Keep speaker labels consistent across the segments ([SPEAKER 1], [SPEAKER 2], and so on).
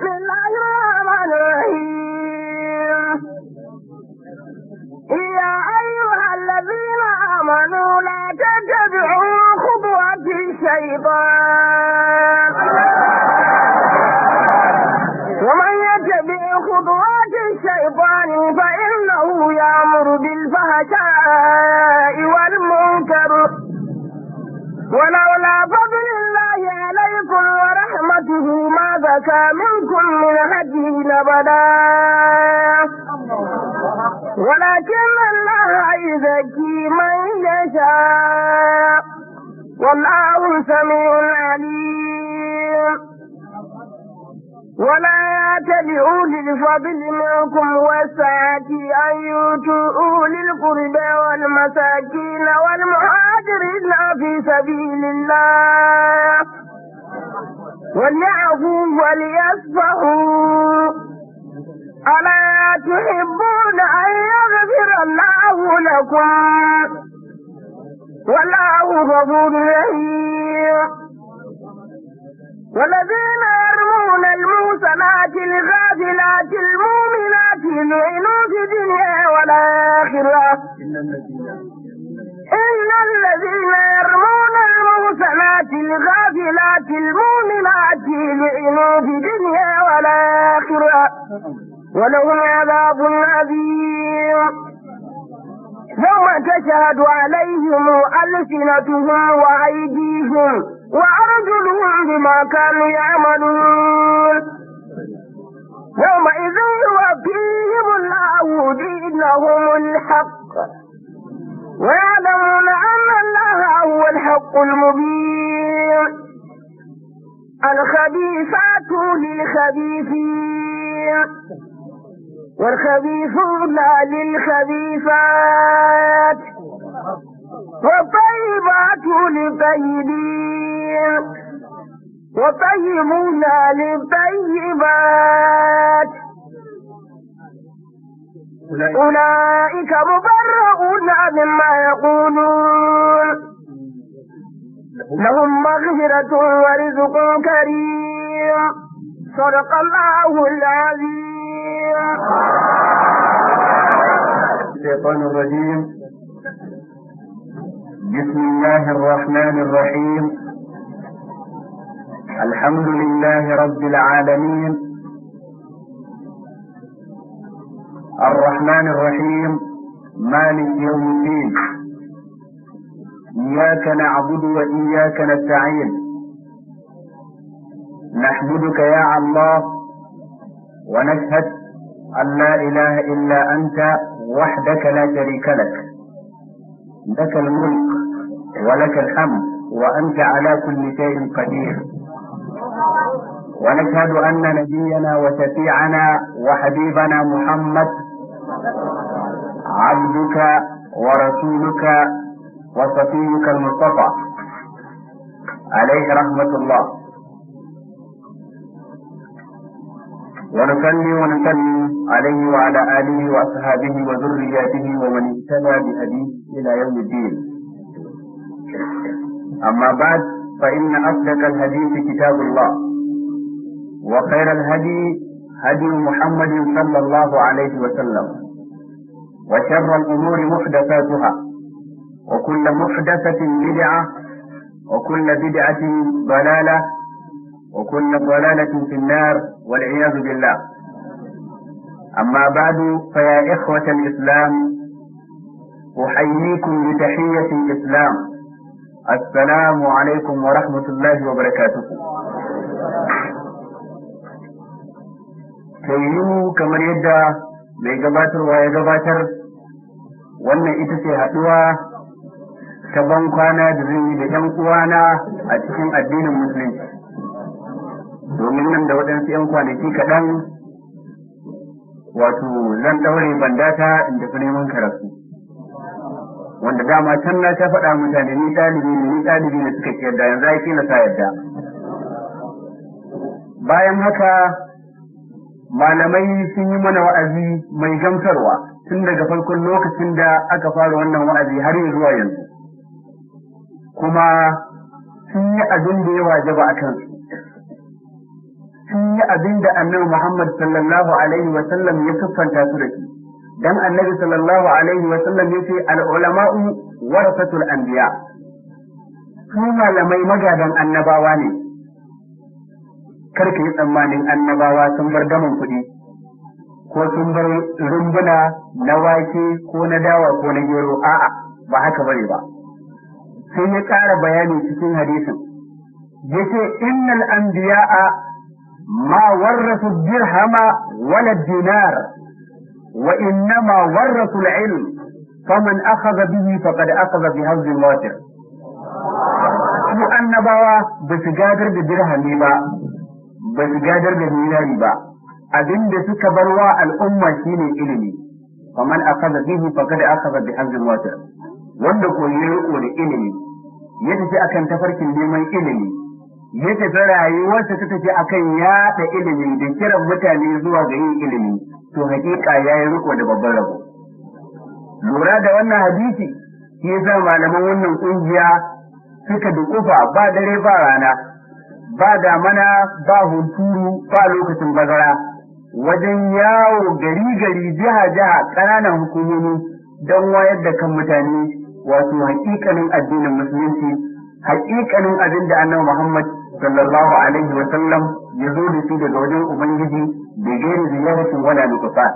[SPEAKER 1] بسم الله الرحمن الرحيم
[SPEAKER 2] يا أيها الذين آمنوا لا تتبعوا خطوات الشيطان
[SPEAKER 1] ولكن
[SPEAKER 2] الله يزكي من يشاء والله سميع عليم ولا يأتل لأولي الفضل منكم والسعة أن يؤتوا أولي القربى والمساكين والمهاجرين في سبيل الله وليعفوا وليصفحوا ألا تحبون أن يغفر الله لكم والله غفور رحيم والذين يرمون المحصنات الغافلات المؤمنات لعنوا في الدنيا والآخرة إن الذين يرمون المحصنات الغافلات المؤمنات لعنوا في الدنيا والآخرة ولهم عذاب أليم يوم تشهد عليهم ألسنتهم وأيديهم وأرجلهم بما كانوا يعملون يومئذ يوفيهم الله دينهم الحق ويعلمون أن الله هو الحق المبين الخبيثات للخبيثين والخبيثون للخبيثات والطيبات للطيبين والطيبون للطيبات أولئك مبرؤون مما يقولون لهم مغفرة ورزق كريم صدق الله العظيم
[SPEAKER 3] الشيطان الرجيم بسم الله الرحمن الرحيم الحمد لله رب العالمين الرحمن الرحيم مالك يوم الدين إياك نعبد وإياك نستعين نحمدك يا الله ونشهد أن لا إله إلا أنت وحدك لا شريك لك لك الملك ولك الحمد وأنت على كل شيء قدير ونشهد أن نبينا وشفيعنا وحبيبنا محمد عبدك ورسولك وصفيك المصطفى عليه رحمة الله ونصلي ونسلم عليه وعلى آله وأصحابه وذرياته ومن اهتدى بهديه إلى يوم الدين أما بعد فإن أصدق الحديث كتاب الله وخير الهدي هدي محمد صلى الله عليه وسلم وشر الأمور محدثاتها وكل محدثة بدعة وكل بدعة ضلالة وكل ضلالة في النار والعياذ بالله أما بعد فيا إخوة الإسلام أحييكم بتحية الإسلام السلام عليكم ورحمة الله وبركاته كيو كما يدى ميجاباتر ويجاباتر وانا اتسي هتوا كبانكوانا دريني دي دي دي دي دي دي domin nan da waɗansu 'yan kwanaki kaɗan wato zan ɗaure bandata in tafi neman karatu wanda dama can na ta faɗa mutane ni ɗalibi ne ni ɗalibi ne suka ki yadda yanzu ai na sa yadda bayan haka malamai sun yi mana wa'azi mai gamsarwa tun daga farkon lokacin da aka fara wannan wa'azi har zuwa yanzu kuma sun yi abin da ya wajaba a kansu sun yi abin da annabi Muhammad sallallahu alaihi wa sallam ya kafanta su da shi dan annabi sallallahu alaihi wa sallam ya ce al ulama'u warasatul anbiya su malamai magadan annabawa ne ka yi tsammanin annabawa sun bar gaman kuɗi ko sun bar rumbuna na wake ko na dawa ko na gero a'a ba haka bane ba sai ya ƙara bayani cikin hadisin yace innal anbiya'a ما ورثوا الدرهم ولا الدينار وانما ورثوا العلم فمن اخذ به فقد اخذ بهز الواتر لان بابا بس قادر بالدرهم با بس قادر بالدينار با ابن بسك الامه شيني علمي فمن اخذ به فقد اخذ بهز الواتر وندقوا يقول علمي يجي اكن تفرك بمن علمي ya tafi rayuwarsa ta tafi akan yaɗa ilimi da kiran mutane zuwa ga yin ilimi to hakika ya yi riko da babban rabo lura da wannan hadisi shi yasa malaman wannan ƙungiya suka dukufa ba dare ba rana ba damana ba hunturu ba lokacin bazara wajen yawo gari gari jiha jiha ƙananan hukumomi don wayar da kan mutane wato hakikanin addinin musulunci hakikanin abin da annabi Muhammad صلى الله عليه وسلم يزول في دوجه أمنجه بغير زيادة ولا نقصان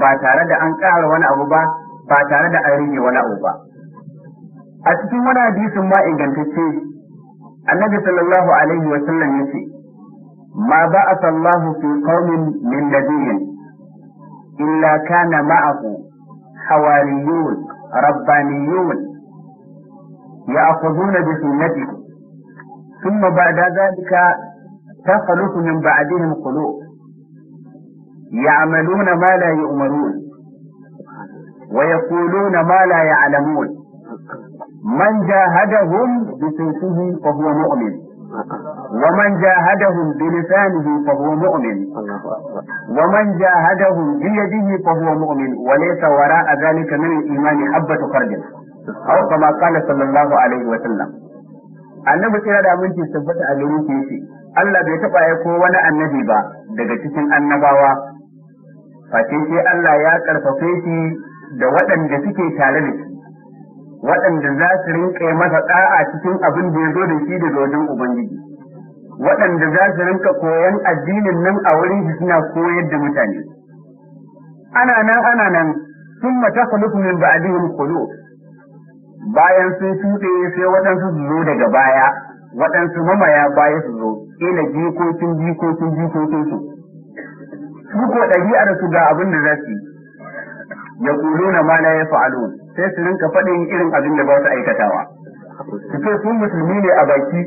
[SPEAKER 3] باتارة أنكار ولا أبوبا باتارة أريني ولا أبوبا أتكي ولا ديس ما إنجان النبي صلى الله عليه وسلم يشي ما بعث الله في قوم من لدين إلا كان معه حواريون ربانيون يأخذون بسنتكم ثم بعد ذلك تخلف من بعدهم قلوب يعملون ما لا يؤمرون ويقولون ما لا يعلمون من جاهدهم بسيفه فهو مؤمن ومن جاهدهم بلسانه فهو مؤمن ومن جاهدهم بيده فهو مؤمن وليس وراء ذلك من الإيمان حبة خرج أو كما قال صلى الله عليه وسلم annabi sai da aminci tabbata a gare shi Allah bai taba ya ko wani annabi ba daga cikin annabawa face sai Allah ya karfafe shi da waɗanda suke tare da shi waɗanda za su rinƙa masa da'a cikin abin da ya zo da shi daga wajen ubangiji waɗanda za su rinƙa koyan addinin nan a wurin shi suna koyar da mutane ana nan ana nan ثم تخلق من بعدهم قلوب bayan sun tuɗe sai waɗansu su zo daga baya waɗansu mamaya baya su zo ina jikokin jikokin jikokin su su ko ɗabi'ar su ga abin da za su yi ya na ma ya fa'alu sai su rinka faɗin irin abin da ba su aikatawa su ce sun musulmi ne a baki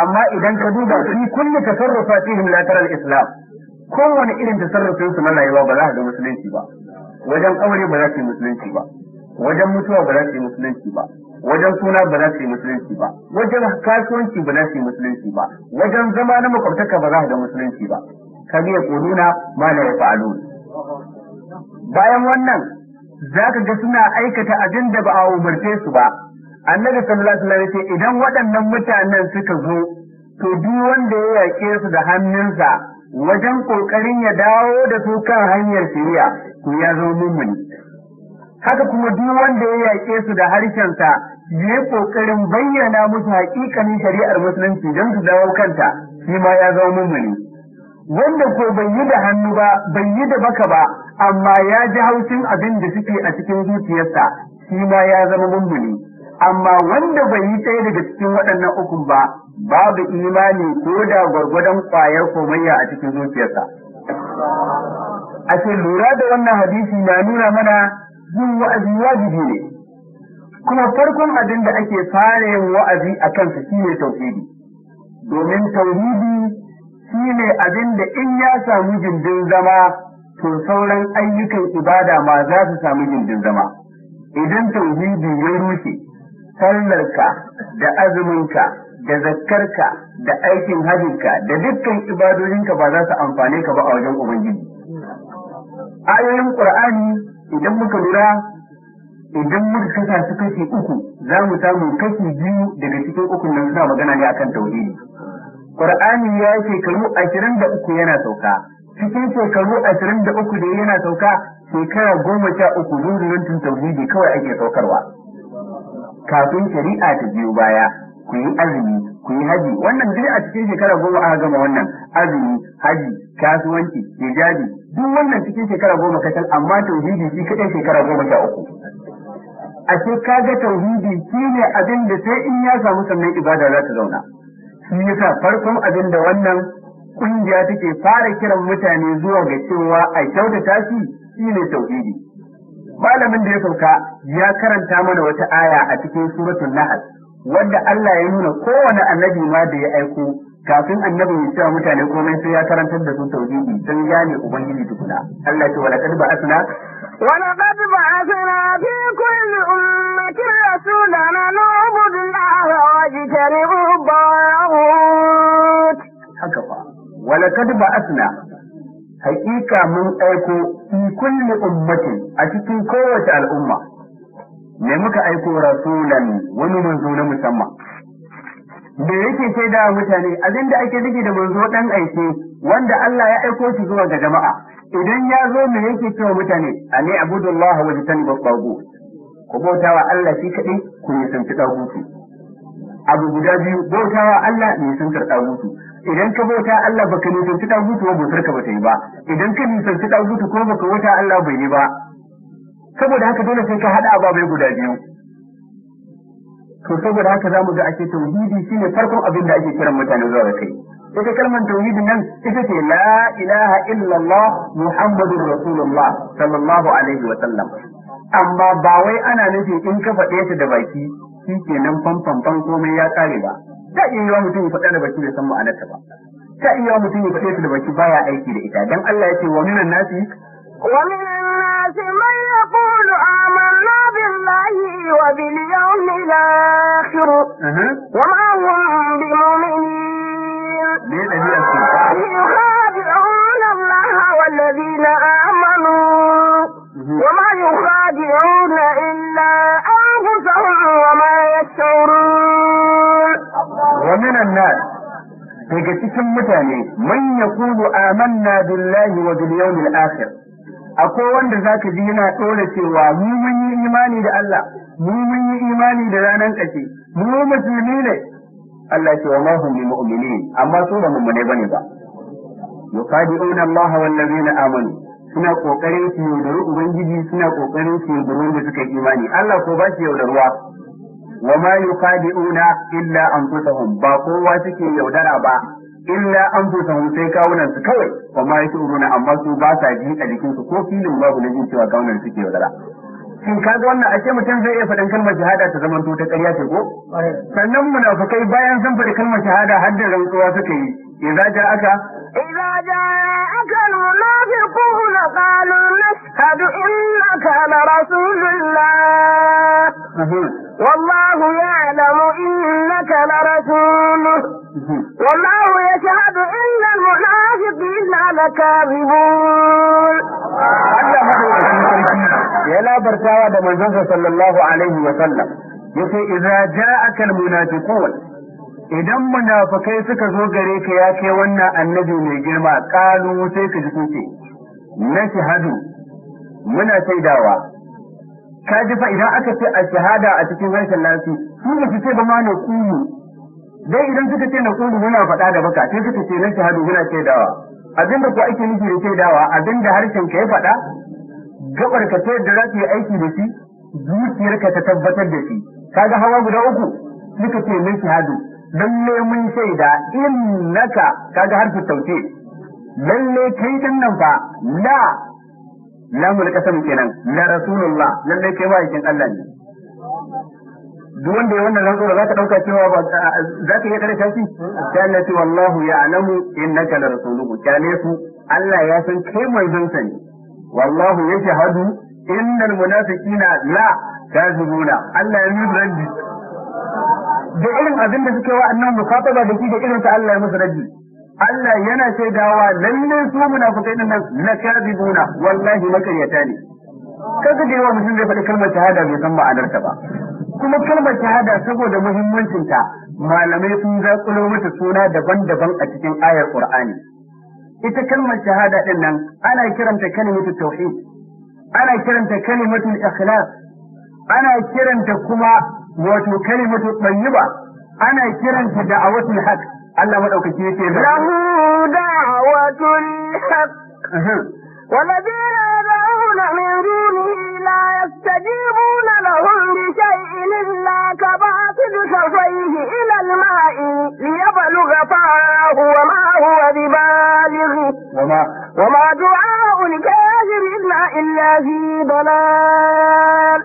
[SPEAKER 3] amma idan ka duba fi kulli ka sarrafa tara al-islam kowane irin tasarrufin su na rayuwa ba za a ga musulunci ba wajen aure ba za su yi musulunci ba wajen mutuwa ba za su yi musulunci ba wajen suna ba za su yi musulunci ba wajen kasuwanci ba za su yi musulunci ba wajen zama na makwabtaka ba za su da musulunci ba ka biya kuluna ma la yafa'alun bayan wannan zaka ga suna aikata abin da ba a umarce su ba annabi sallallahu alaihi wasallam ce idan waɗannan mutanen suka zo to duk wanda ya yaƙe su da hannunsa wajen ƙoƙarin ya dawo da su kan hanyar shari'a to ya zo mummuni haka kuma duk wanda ya yaƙe su da harshen ya yi ƙoƙarin bayyana musu haƙiƙanin shari'ar musulunci don su dawo kanta shi ma ya zama mummuni wanda ko bai yi da hannu ba bai yi da baka ba amma ya ji haushin abin da suke a cikin zuciyarsa shi ma ya zama mummuni amma wanda bai yi ɗaya daga cikin waɗannan ukun ba babu imani ko da gwargwadon ƙwayar komayya a cikin zuciyarsa a ce lura da wannan hadisi na nuna mana yin wa'azi wajibi ne kuma farkon abin da ake fara yin wa'azi a kansa shine tauhidi domin tauhidi shine abin da in ya samu jindin zama to sauran ayyukan ibada ma za su samu jindin zama idan tauhidi ya rushe sallarka da azuminka da zakkarka da aikin hajjinka da dukkan ibadojinka ba za su amfane ka ba a wajen ubangiji ayoyin qur'ani idan muka lura idan muka kasa su kashi uku za mu samu kashi biyu daga cikin ukun nan suna magana ne akan tauhidi Qur'ani ya yi shekaru ashirin da uku yana sauka cikin shekaru ashirin da uku da yana sauka shekara goma sha uku zuzurantun tauhidi kawai ake saukarwa kafin shari'a ta biyo baya ku yi azumi ku yi haji wannan duk a cikin shekara goma aka gama wannan azumi haji kasuwanci hijabi duk wannan cikin shekara goma kacal amma tauhidi shi kaɗai shekara goma sha uku ka ga tauhidi shi ne abin da sai in ya samu sannan ibada za ta zauna shi yasa farkon abin da wannan ƙungiya take fara kiran mutane zuwa ga cewa a kyautata shi shine tauhidi malamin da ya sauka ya karanta mana wata aya a cikin suratul nahl wanda Allah ya nuna kowane annabi ma da ya aiko kafin annabi ya ce mutane komai sai ya karantar da su tauhidi dan gane ubangiji tukuna Allah ce walaqad ba'athna
[SPEAKER 2] ba asna fi kulli ummati rasulan an Allah wa jitaribu ba'ut haka
[SPEAKER 3] fa ba asna haqiqa mun aiko fi kulli ummati a cikin kowace al'umma ne muka aiko rasulan wani manzo na musamman da yake ce da mutane abin da ake nufi da manzo dan aike wanda Allah ya aiko shi zuwa ga jama'a idan ya zo me yake cewa mutane ani abudullahi wa tanibu tawu ku bautawa Allah shi kadai ku ne san hutu. abu guda biyu bautawa Allah ne san hutu idan ka bauta Allah baka ne san hutu ba bautar ka bata yi ba idan ka ne san hutu ko baka wata Allah bai yi ba saboda haka dole sai ka hada ababai guda biyu to saboda haka za mu ga ake tauhidi shine farkon abin da ake kiran mutane zuwa ga kai ita kalmar tauhidin nan ita ce la ilaha illallah muhammadur rasulullah sallallahu alaihi wa sallam amma ba wai ana nufi in ka faɗe ta da baki nan fanfan fanfanfan komai ya kare ba ta iya mutum ya faɗa da baki bai san ma'anarta ba ta iya mutum ya faɗe ta da baki baya aiki da ita dan Allah ya ce wa minan nasi
[SPEAKER 2] wa minan nasi man yaqulu amanna billahi wa bil إلى آخره وما هم بمؤمنين يخادعون الله والذين آمنوا وما يخادعون إلا أنفسهم وما يشعرون
[SPEAKER 3] ومن الناس daga cikin mutane man ya kulu amanna billahi wa bil yawmil akhir akwai wanda zaka ji yana dole cewa mu mun yi imani da Allah mu mun yi imani da ranar ƙashi mu musulmi ne Allah ce wa mahum bi mu'minin amma su ba mummune bane ba yukadi'una Allah wal ladina amanu suna kokarin su yaudari ubangiji suna kokarin su da wanda suka yi imani Allah ko ba shi yaudarwa wa ma yukadi'una illa anfusahum ba kowa suke yaudara ba illa an fusa sai kawunan su kawai kuma ya yake uruna amma su ba sa ji a jikin su ko filin babu na jin cewa kawunan suke yaudara shin kaga wannan ashe mutum zai iya faɗin kalmar shahada ta zama ta ƙarya ce ko sannan munafukai bayan sun faɗi kalmar shahada har da rantsuwa suka yi idza
[SPEAKER 2] aka idza ja'aka al-munafiqun qalu nashhadu innaka la rasulillah. Mhm. والله يعلم إنك لرسول والله يشهد إن المنافقين لكاذبون
[SPEAKER 3] يا لا برتاوى ده منزل صلى الله عليه وسلم يقول إذا جاءك المنافقون اذا munafikai suka zo gare ka ya kai wannan annabi mai girma kalu sai ka ji ka ji fa idan aka ce a shahada a cikin harshen nasu su ne su ce ba ma na kulu dai idan suka ce na kulu muna faɗa da baka sai suka ce na shahadu muna shaidawa abinda ko ake nufi da shaidawa abinda harshen ka ya faɗa gabar ka ta yadda za ta yi aiki da shi zuciyar ka ta tabbatar da shi kaga hawa guda uku suka ce na shahadu lalle mun shaida naka kaga harshen tauce lalle kai din nan fa la lahu al-qasam kenan la rasulullah lalle kai ma'aikin Allah ne duk wanda ya wannan rantsuwa za ka dauka cewa ba za ka iya karanta shi sai Allah ce wallahu ya'lamu innaka la rasuluhu kale su Allah ya san kai manzon sa ne wallahu yashhadu innal munafiqina la kazibuna Allah ya musu raddi da irin abin da suke wa annabi mukataba da shi da irin sa Allah ya musu raddi Allah yana shaidawa lalle su munafikai din nan lakadibuna wallahi makaryata ne kaga da yawa mutum zai faɗi kalmar shahada bai san ma'anarta ba kuma kalmar shahada saboda muhimmancinta malamai sun zaƙulo mata suna daban-daban a cikin ayar Qur'ani ita kalmar shahada din nan ana kiranta kalimatu tauhid ana kiranta kalimatu ikhlas ana kiranta kuma wato kalimatu tayyiba ana kiranta da'awatul haqq الله madaukaki yake له
[SPEAKER 2] دعوة الحق والذين يدعون من دونه لا يستجيبون لهم بشيء إلا كباطل شفيه إلى الماء ليبلغ فاه وما هو ببالغه وما, وما دعاء الكافر إلا في ضلال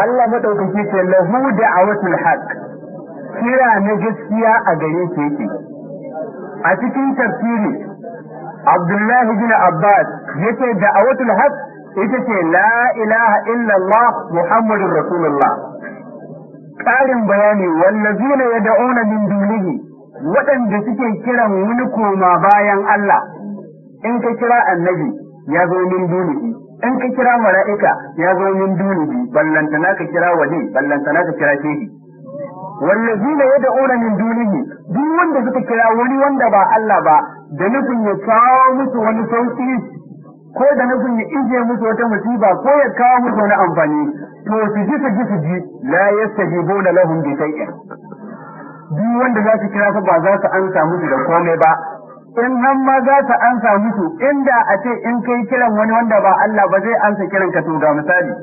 [SPEAKER 2] Allah
[SPEAKER 3] في ce له دعوة الحق kira na gaskiya a gare shi yake a cikin tafsiri Abdullahi bin Abbas yake da'awatul haq ita ce la ilaha illallah Muhammadur Rasulullah ƙarin bayani ya yad'una min dunihi waɗanda suke kiran wani koma bayan Allah in ka kira annabi ya zo min dunihi in ka kira mala'ika ya zo min dunihi ballantana ka kira wali ballantana ka kira shehi wallazina yad'una min dunihi duk wanda suka kira wani wanda ba Allah ba da nufin ya kawo musu wani sauki ko da nufin ya ije musu wata musiba ko ya kawo musu wani amfani to su ji su ji su ji la yastajibuna lahum bi shay'in duk wanda za su kira su ba za su ansa musu da komai ba in nan ma za su ansa musu inda a ce in kai kiran wani wanda ba Allah ba zai ansa kiran ka to ga misali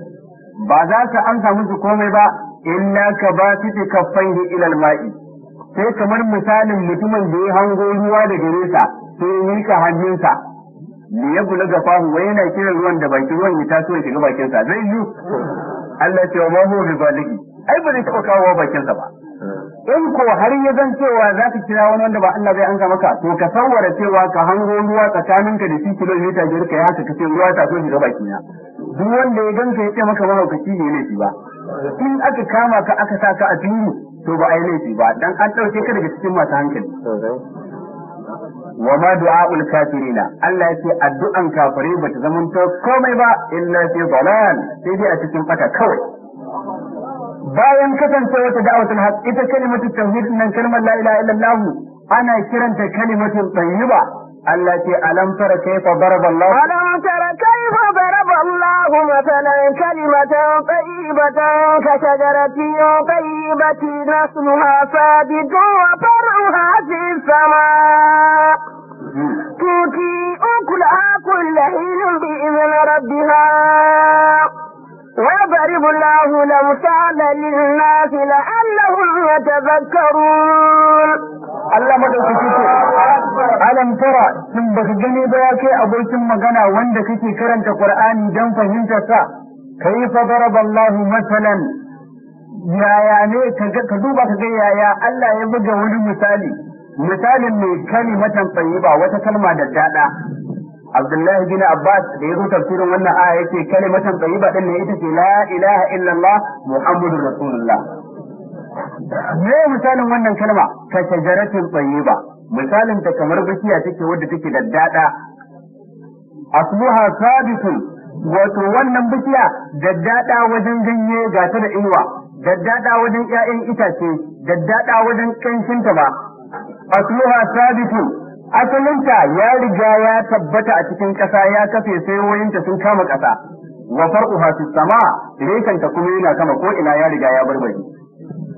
[SPEAKER 3] ba za su ansa musu komai ba illa ka ba su fi kaffan ilal ma'i sai kamar misalin mutumin da ya hango ruwa daga nesa sai ya ka hannunsa da ya bula ga fahu Wani yana kiran ruwan da baki ruwan ya taso ya shiga bakinsa zai yi Allah ce wa mahu bi ai ba zai taɓa kawo bakinsa ba
[SPEAKER 1] in
[SPEAKER 3] ko har ya zan cewa za ka kira wani wanda ba Allah zai anka maka to ka sanwara cewa ka hango ruwa tsakaninka da shi kilomita biyar ka ka ce ruwa ta so shiga baki na duk wanda ya ganka ya ce maka mahaukaci ne laifi ba in aka kama ka aka sa ka a turu to ba ai laifi ba dan an dauke ka daga cikin masu hankali wa ma du'a'ul kafirina Allah ce addu'an kafare bata zamanta komai ba illa fi dalal sai dai a cikin fata kawai bayan kasancewa ta da'awatul haq ita kalimatu tauhid nan kalmar la ilaha illallah ana kiranta kalimatu tayyiba Allah ce alam tara kayfa daraballahu
[SPEAKER 2] alam tara kayfa daraballahu mathalan kalimatan tayyibatan ka shajaratin tayyibatin nasluha sabitun wa far'uha fis sama' تؤتي أكلها كل حين بإذن ربها ويضرب الله الأمثال للناس لعلهم يتذكرون الله مدوكي
[SPEAKER 3] ألم ترى من بغجني بياك أبو ثم قنا وندك في كرن كقرآن جنفة هنتسا كيف ضرب الله مثلا يا يا ني كدوبا كجي يا الله يبقى ولي مثالي مثال من كلمة طيبة وتكلمة دجالة Abdullahi bin Abbas da ya zo tafsirin wannan aya yace kalimatan tayyiba din ne ita ce la ilaha illallah muhammadur rasulullah me misalin wannan kalma ka shajaratin tayyiba misalin ta kamar bishiya take wadda take da dada asluha sabitun wato wannan bishiya daddada wajen ganye ga ta da inuwa daddada wajen 'ya'yan itace daddada wajen kanshin ta ba asluha sabitun asalinta ya riga ya tabbata a cikin ƙasa ya kafe sai sayoyinta sun kama ƙasa wa far'uha fi sama rekanta kuma yana kama ko ina ya riga ya barbaje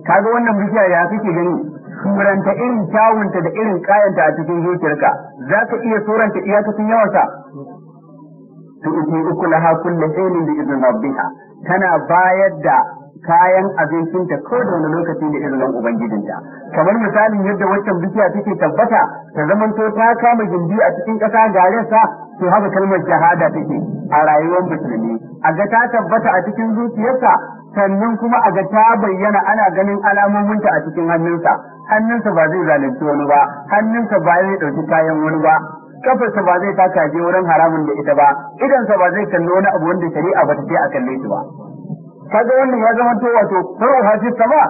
[SPEAKER 3] kaga wannan bishiya ya kike gani suranta irin kyawunta da irin kayanta a cikin zuciyarka za ka iya suranta iyakacin yawansa tu'ti ukulaha kullu hinin bi idzin rabbiha tana bayar da kayan abincinta ko da wani lokaci da izinin ubangijinta kamar misalin yadda waccan bishiya take tabbata ta zamanto ta kama gindi a cikin ƙasa garinsa to haka kalmar shahada take a rayuwar musulmi a ga ta tabbata a cikin zuciyarsa sannan kuma a ga ta bayyana ana ganin alamominta a cikin hannunsa hannunsa ba zai zalunci wani ba hannunsa ba zai ɗauki kayan wani ba kafarsa ba zai taka je wurin haramun da ita ba idansa ba zai kalli wani abu wanda shari'a ba ta ce a kalle shi ba تدعون يزمن توتو روح في السماء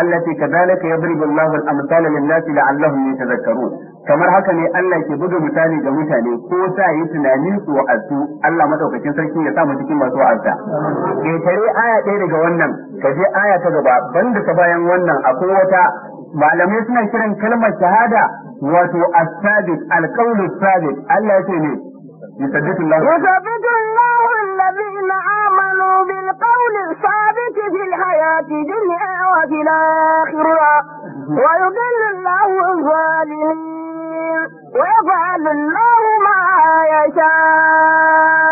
[SPEAKER 3] التي كذلك يضرب الله الأمثال للناس لعلهم يتذكرون كما رحك لي ألا يتبدو مثالي جمتاني كوسا يتناني وأسو ألا ما توقع كنسر كي يتام وتكي ما توقع كتري آية تيري جوانن كذي آية تجبا بند سبايا جوانن أقوة معلم يسمع كرن كلمة شهادة وتو الثابت القول الثابت ألا يتني يثبت الله يثبت
[SPEAKER 2] الله الذين آمنوا آمنوا بالقول الثابت في الحياة الدنيا وفي الآخرة ويضل الله الظالمين ويفعل الله ما يشاء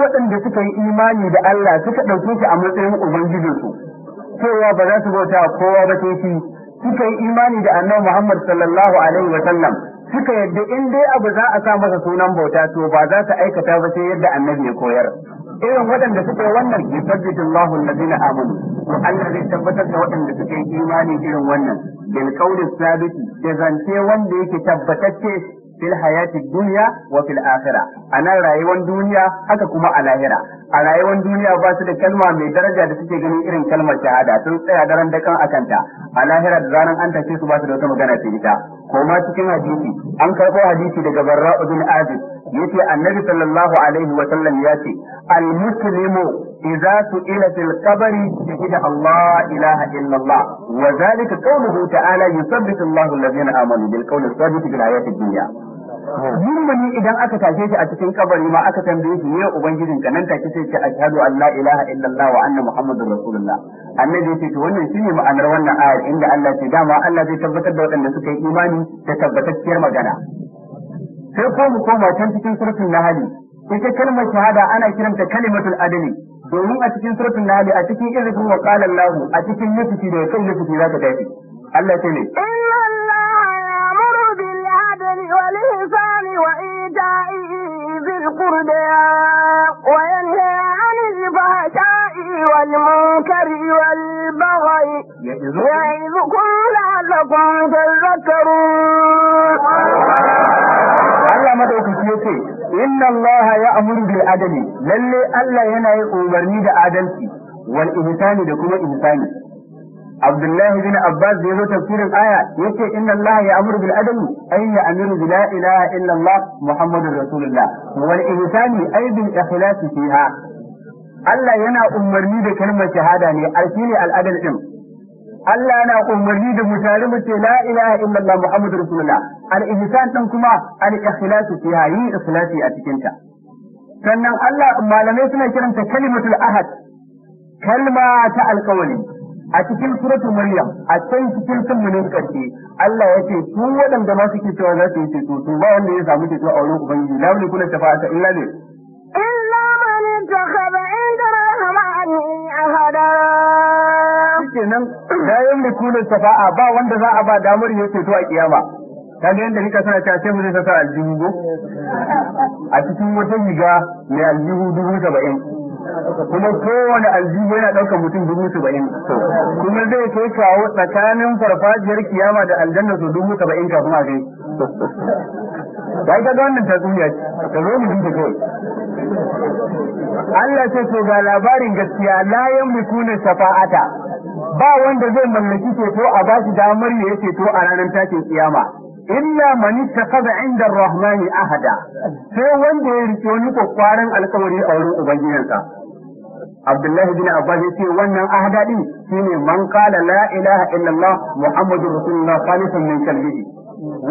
[SPEAKER 3] waɗanda suka yi imani da Allah suka ɗauke shi a matsayin Ubangijinsu, cewa ba za su bauta kowa ba sai shi suka yi imani da annabi Muhammad sallallahu alaihi wa sallam suka yadda in dai abu za a sa masa sunan bauta to ba za su aikata ba sai yadda annabi ya koyar. irin waɗanda suka yi wannan yusabbitu Allahu allazina amanu to Allah zai tabbatar da waɗanda suka yi imani irin wannan bil qawli sabiti da zance wanda yake tabbatacce fil hayati dunya wa fil A nan rayuwar duniya haka kuma a lahira a rayuwar duniya ba su da kalma mai daraja da suke ganin irin kalmar shahada sun tsaya daren dakan akanta a lahira da ranar an tace su ba su da wata magana ta ita koma cikin hadisi an karɓo hadisi daga barra ibn azib yace annabi sallallahu alaihi wa sallam yace al muslimu idza su'ila fil qabr shahida Allah ilaha illa Allah wa zalika qawluhu ta'ala yusabbitu allah alladhina amanu bil qawli thabit fil hayati dunya mummuni idan aka tashe shi a cikin kabari ma aka tambaye shi ne ubangijin ka nan take sai ce ashhadu an la ilaha illallah wa anna muhammadur rasulullah annabi ce to wannan shine ma'anar wannan ayar inda Allah ce dama Allah zai tabbatar da waɗanda suka yi imani da tabbatacciyar magana sai ko mu koma can cikin suratul nahali ita kalmar shahada ana kiranta kalimatul adali, domin a cikin suratul nahl a cikin izin wa qala Allah a cikin nufi da kai nufi zaka tafi Allah ce ne
[SPEAKER 2] وإيتاء ذي القربى وينهى عن الفحشاء والمنكر والبغي يعظكم لعلكم تذكرون الله
[SPEAKER 3] إن الله يأمر بالعدل للي ألا ينعي أوبرني دا والإنسان دا إنسان. Abdullahi bin Abbas da yazo tafsirin aya yace inna Allah ya'muru bil adli ay ya'muru bi la ilaha illa Allah Muhammadur Rasulullah wal ihsani ay bil ikhlasi fiha Allah yana umarni da kalmar shahada ne alshine al'adal din Allah yana umarni da mutare mu ce la ilaha illallah Allah Muhammadur Rasulullah al ihsan din kuma al ikhlasu fiha yi ikhlasi a cikin ta sannan Allah malamai suna kiranta kalimatul ahad kalma ta alƙawari a cikin suratul maryam a can cikin munin karfi Allah ya ce su waɗanda ma suke cewa za su yi ceto to ba wanda ya samu ceto a wurin ubangiji la wani kula ta illa ne
[SPEAKER 2] illa man takhaba inda rahmani ahada
[SPEAKER 3] kenan da da kula tafa ba wanda za a ba damar ya ceto a kiyama kaga yadda kika sana ta sai mu zai sa aljihu a cikin wata riga mai aljihu dubu saba'in kuma kowane aljihu yana ɗaukar mutum dubu saba'in kuma zai kai kawo tsakanin farfajiyar kiyama da aljanna su dubu saba'in kafin a kai da ita ga wannan tatsuniya ta zo mu ji ta kai Allah ce to ga labarin gaskiya la yamlikuna shafa'ata ba wanda zai mallaki ceto a ba shi damar ya ceto a ranar tashin kiyama illa man ittakhadha 'inda ar-rahmani ahada sai wanda ya rike wani kokwaran alkawari a wurin ubangijinsa Abdullahi bin Abbas yace wannan ahda din shine man qala la ilaha illallah Muhammadur Rasulullah khalisun min qalbihi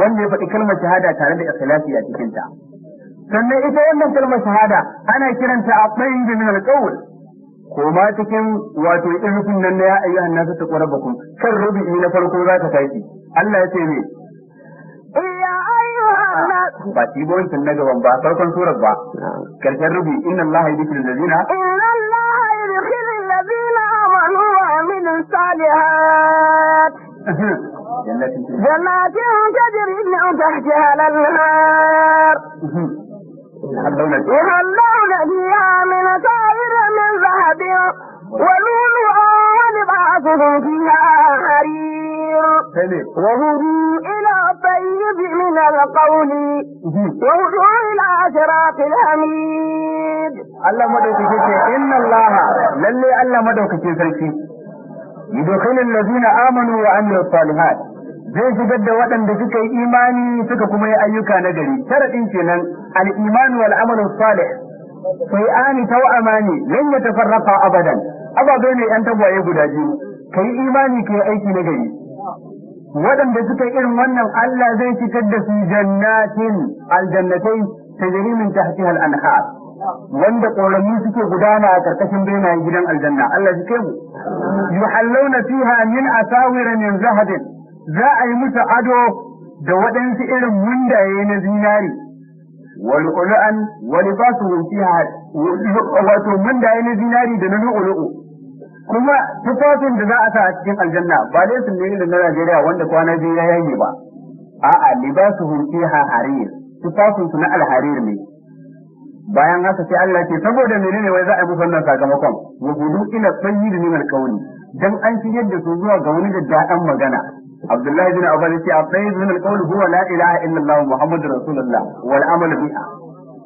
[SPEAKER 3] wanda ya faɗi kalmar shahada tare da ikhlasi a cikin ta sannan ita wannan kalmar shahada ana kiranta a tsayin min alqawl ko ma cikin wato irfin nan na ya ayyuhan nasu taqrabukum kan rubi'i na farko za ta tashi Allah yace ne ba shi ba wancan na gaban ba farkon surar ba karshen rubi inna Allah ya dikil da zina.
[SPEAKER 2] من الصالحات
[SPEAKER 1] جنات تجري
[SPEAKER 2] من تحتها الانهار يحلون فيها من طائر من ذهب ولؤلؤا ولباسهم فيها حرير وهدوا الى الطيب من القول وهدوا الى صراط الحميد الله
[SPEAKER 3] مدوكي ان الله للي Allah madaukakin sarki yudkhilul ladina amanu wa amilus zai shigar da waɗanda suka yi imani suka kuma yi ayyuka na gari sharadin kenan al-iman wal amalu salih sai ani taw amani lan yatafarraqa abadan ababai ne yan tagwaye guda biyu kai imani kai aiki na gari waɗanda suka yi irin wannan Allah zai shigar da su jannatin aljannatai tajri min tahtiha al-anhar wanda ƙorami suke gudana a ƙarƙashin benayen gidan aljanna Allah ji
[SPEAKER 1] mu
[SPEAKER 3] fi fiha min asawira min zahabin za a yi musu ado da waɗansu irin mundaye na zinari wal'ulu'an wani ba su fiha wato mundaye na zinari da na lu'ulu'u kuma tufafin da za a sa a cikin aljanna ba lesin ne da na Najeriya wanda kwana biyu ya yi ba a'a libasuhum fiha harir tufafin su na alharir ne bayan haka sai Allah ce saboda menene wai za a yi musu sakamakon wa gudu ila sayyid min alqawli dan an shigar da su zuwa ga wani daddaɗan magana Abdullahi bin Abbas yace a sayyid min alqawli huwa la ilaha illa Allah Muhammadur Rasulullah wal amal biha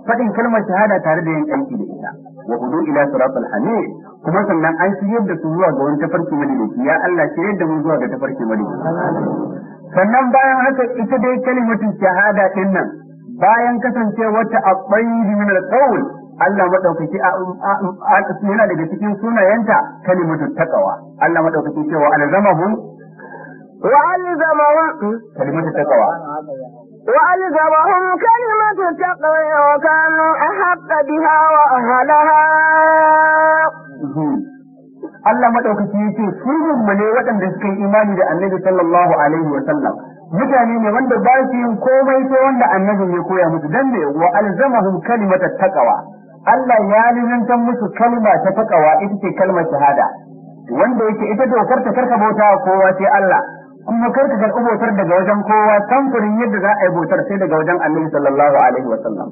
[SPEAKER 3] fadin kalmar shahada tare da yin aiki da ita wa hudu ila siratal hamid kuma sannan an shigar da su zuwa ga wani tafarki madalici ya Allah shigar yadda mun zuwa ga tafarki madalici sannan bayan haka ita dai kalmatu shahada din nan bayan wata a ɓangi min alƙaul Allah a yana daga cikin sunayenta kalimatu takawa Allah madaukaki cewa alzamahu
[SPEAKER 2] wa alzamahu kalimatu kalimatu takawa wa kanu وكانوا
[SPEAKER 1] biha wa ahlaha hmm.
[SPEAKER 3] Allah maɗaukaki yake ce sun ne waɗanda suka yi imani da annabi sallallahu alaihi wa sallam mutane ne wanda ba su yin komai sai wanda annabin ya koya musu dan me wa alzamahum kalimata taqwa Allah ya lizintan musu kalma ta taqwa ita ce kalmar shahada wanda yake ita dokar ta karka bauta kowa sai Allah kuma karka karɓi bautar daga wajen kowa samfurin yadda za a yi bautar sai daga wajen annabi sallallahu alaihi wa sallam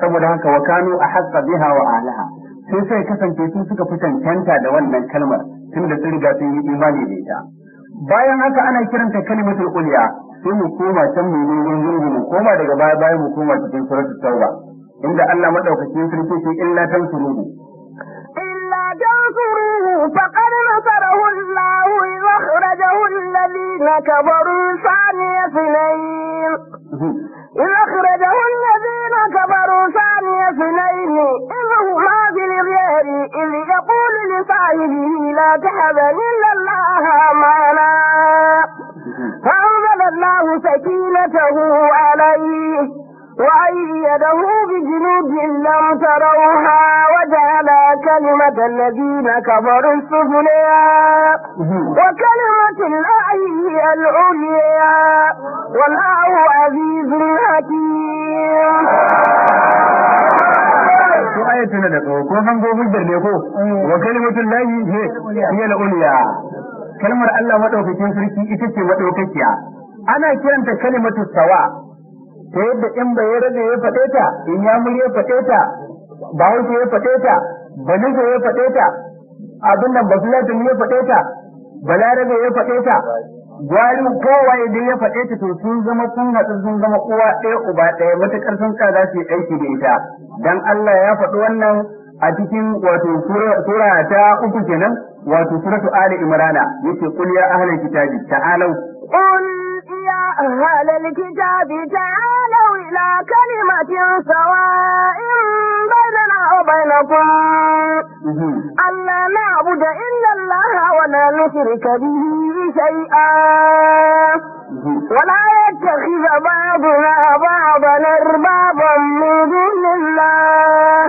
[SPEAKER 3] saboda haka wa kanu ahqqa biha wa alaha sai sai kasance su suka fi cancanta da wannan kalmar tunda sun riga sun yi imani da ita bayan haka ana kiranta kalimatul ulya sai mu koma can mu ne yi gungun mu koma daga baya baya mu koma cikin suratul tauba inda Allah madaukakin sarki sai illa tan suru
[SPEAKER 2] illa tansuruhu faqad nasarahu Allah wa akhrajahu alladhina kabaru thaniya thnayn إذ أخرجه الذين كفروا ثاني اثنين إذ هما في الغير إذ يقول لصاحبه لا تحزن إلا الله وأخذه بجنود لم تروها وجعل كلمة الذين كفروا السفلى وكلمة الأعي العليا والله عزيز حكيم
[SPEAKER 3] وكلمة الله هي العليا كلمة الله ودعوك في أنا كلمة السواء ta yadda in bai rabe ya faɗe ta in ya muri ya faɗe ta bahaushe ya faɗe ta banufe ya faɗe ta abin nan bafilatin ya faɗe ta balarabe ya faɗe ta gwari kowaye da ya faɗe ta to sun zama sun hatsu sun zama kowa ɗaya uba ɗaya matuƙar sun ka za su yi aiki da ita dan Allah ya faɗi wannan a cikin wato sura ta uku kenan wato suratu ali imrana yace qul ya ahlal kitabi ta'alau
[SPEAKER 2] قل يا أهل الكتاب تعالوا إلى كلمة سواء بيننا وبينكم ألا نعبد إلا الله ولا نشرك به شيئا ولا يتخذ بعضنا بعضا أربابا من دون الله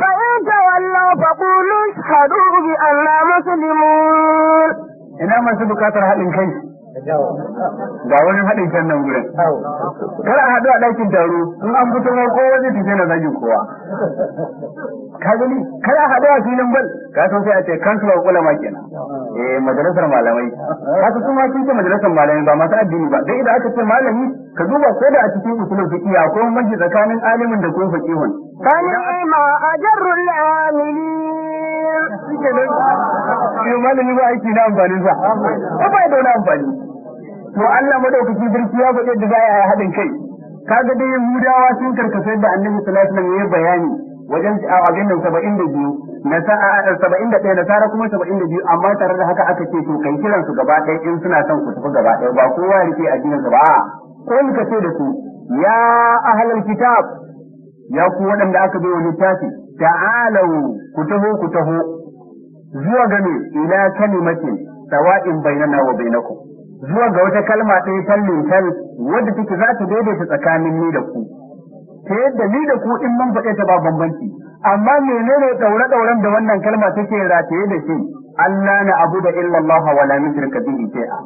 [SPEAKER 2] فإن تولوا فقولوا اشهدوا بأننا مسلمون
[SPEAKER 3] إنما سبكات هذه كيف ga wani haɗin kan nan gurin kada a haɗu a ɗakin taro in an fito na kowa zai tafi na zagin kowa ka gani kada a haɗu a filin bal ka san sai a ce kansu ba ulama kenan eh majalisar malamai ka san kuma kin ce majalisar malamai ba masu addini ba dan idan aka ce malami ka duba ko da a cikin usulul fiqh akwai manji tsakanin alimin da kuma faqihun kana ma ajarrul
[SPEAKER 2] amilin shi ne
[SPEAKER 3] malami ba aiki na amfanin ba. ba da wani amfani to Allah madaukaki sarki ya faɗi da za a yi haɗin kai kaga dai Yahudawa sun karkasa da Annabi sallallahu alaihi wasallam ya bayani wajen a wajen nan 72 71 nasara kuma 72 amma tare da haka aka ce to kai kiran su gaba ɗaya in suna son ku tafi gaba ɗaya ba kowa rike a su ba ko ka ce da su ya ahlul kitab ya ku waɗanda aka bai wani tafi ta'alau ku taho ku taho zuwa game ila kalimatin sawa'in bainana wa bainakum zuwa ga wata kalma ɗaya tallin tal wadda take za ta daidaita tsakanin ni da ku ta yadda ni da ku in mun faɗe ta ba bambanci amma menene ɗaure ɗauren da wannan kalma take rataye da shi Allah na abu da illa Allah wa la nushrika bihi shay'a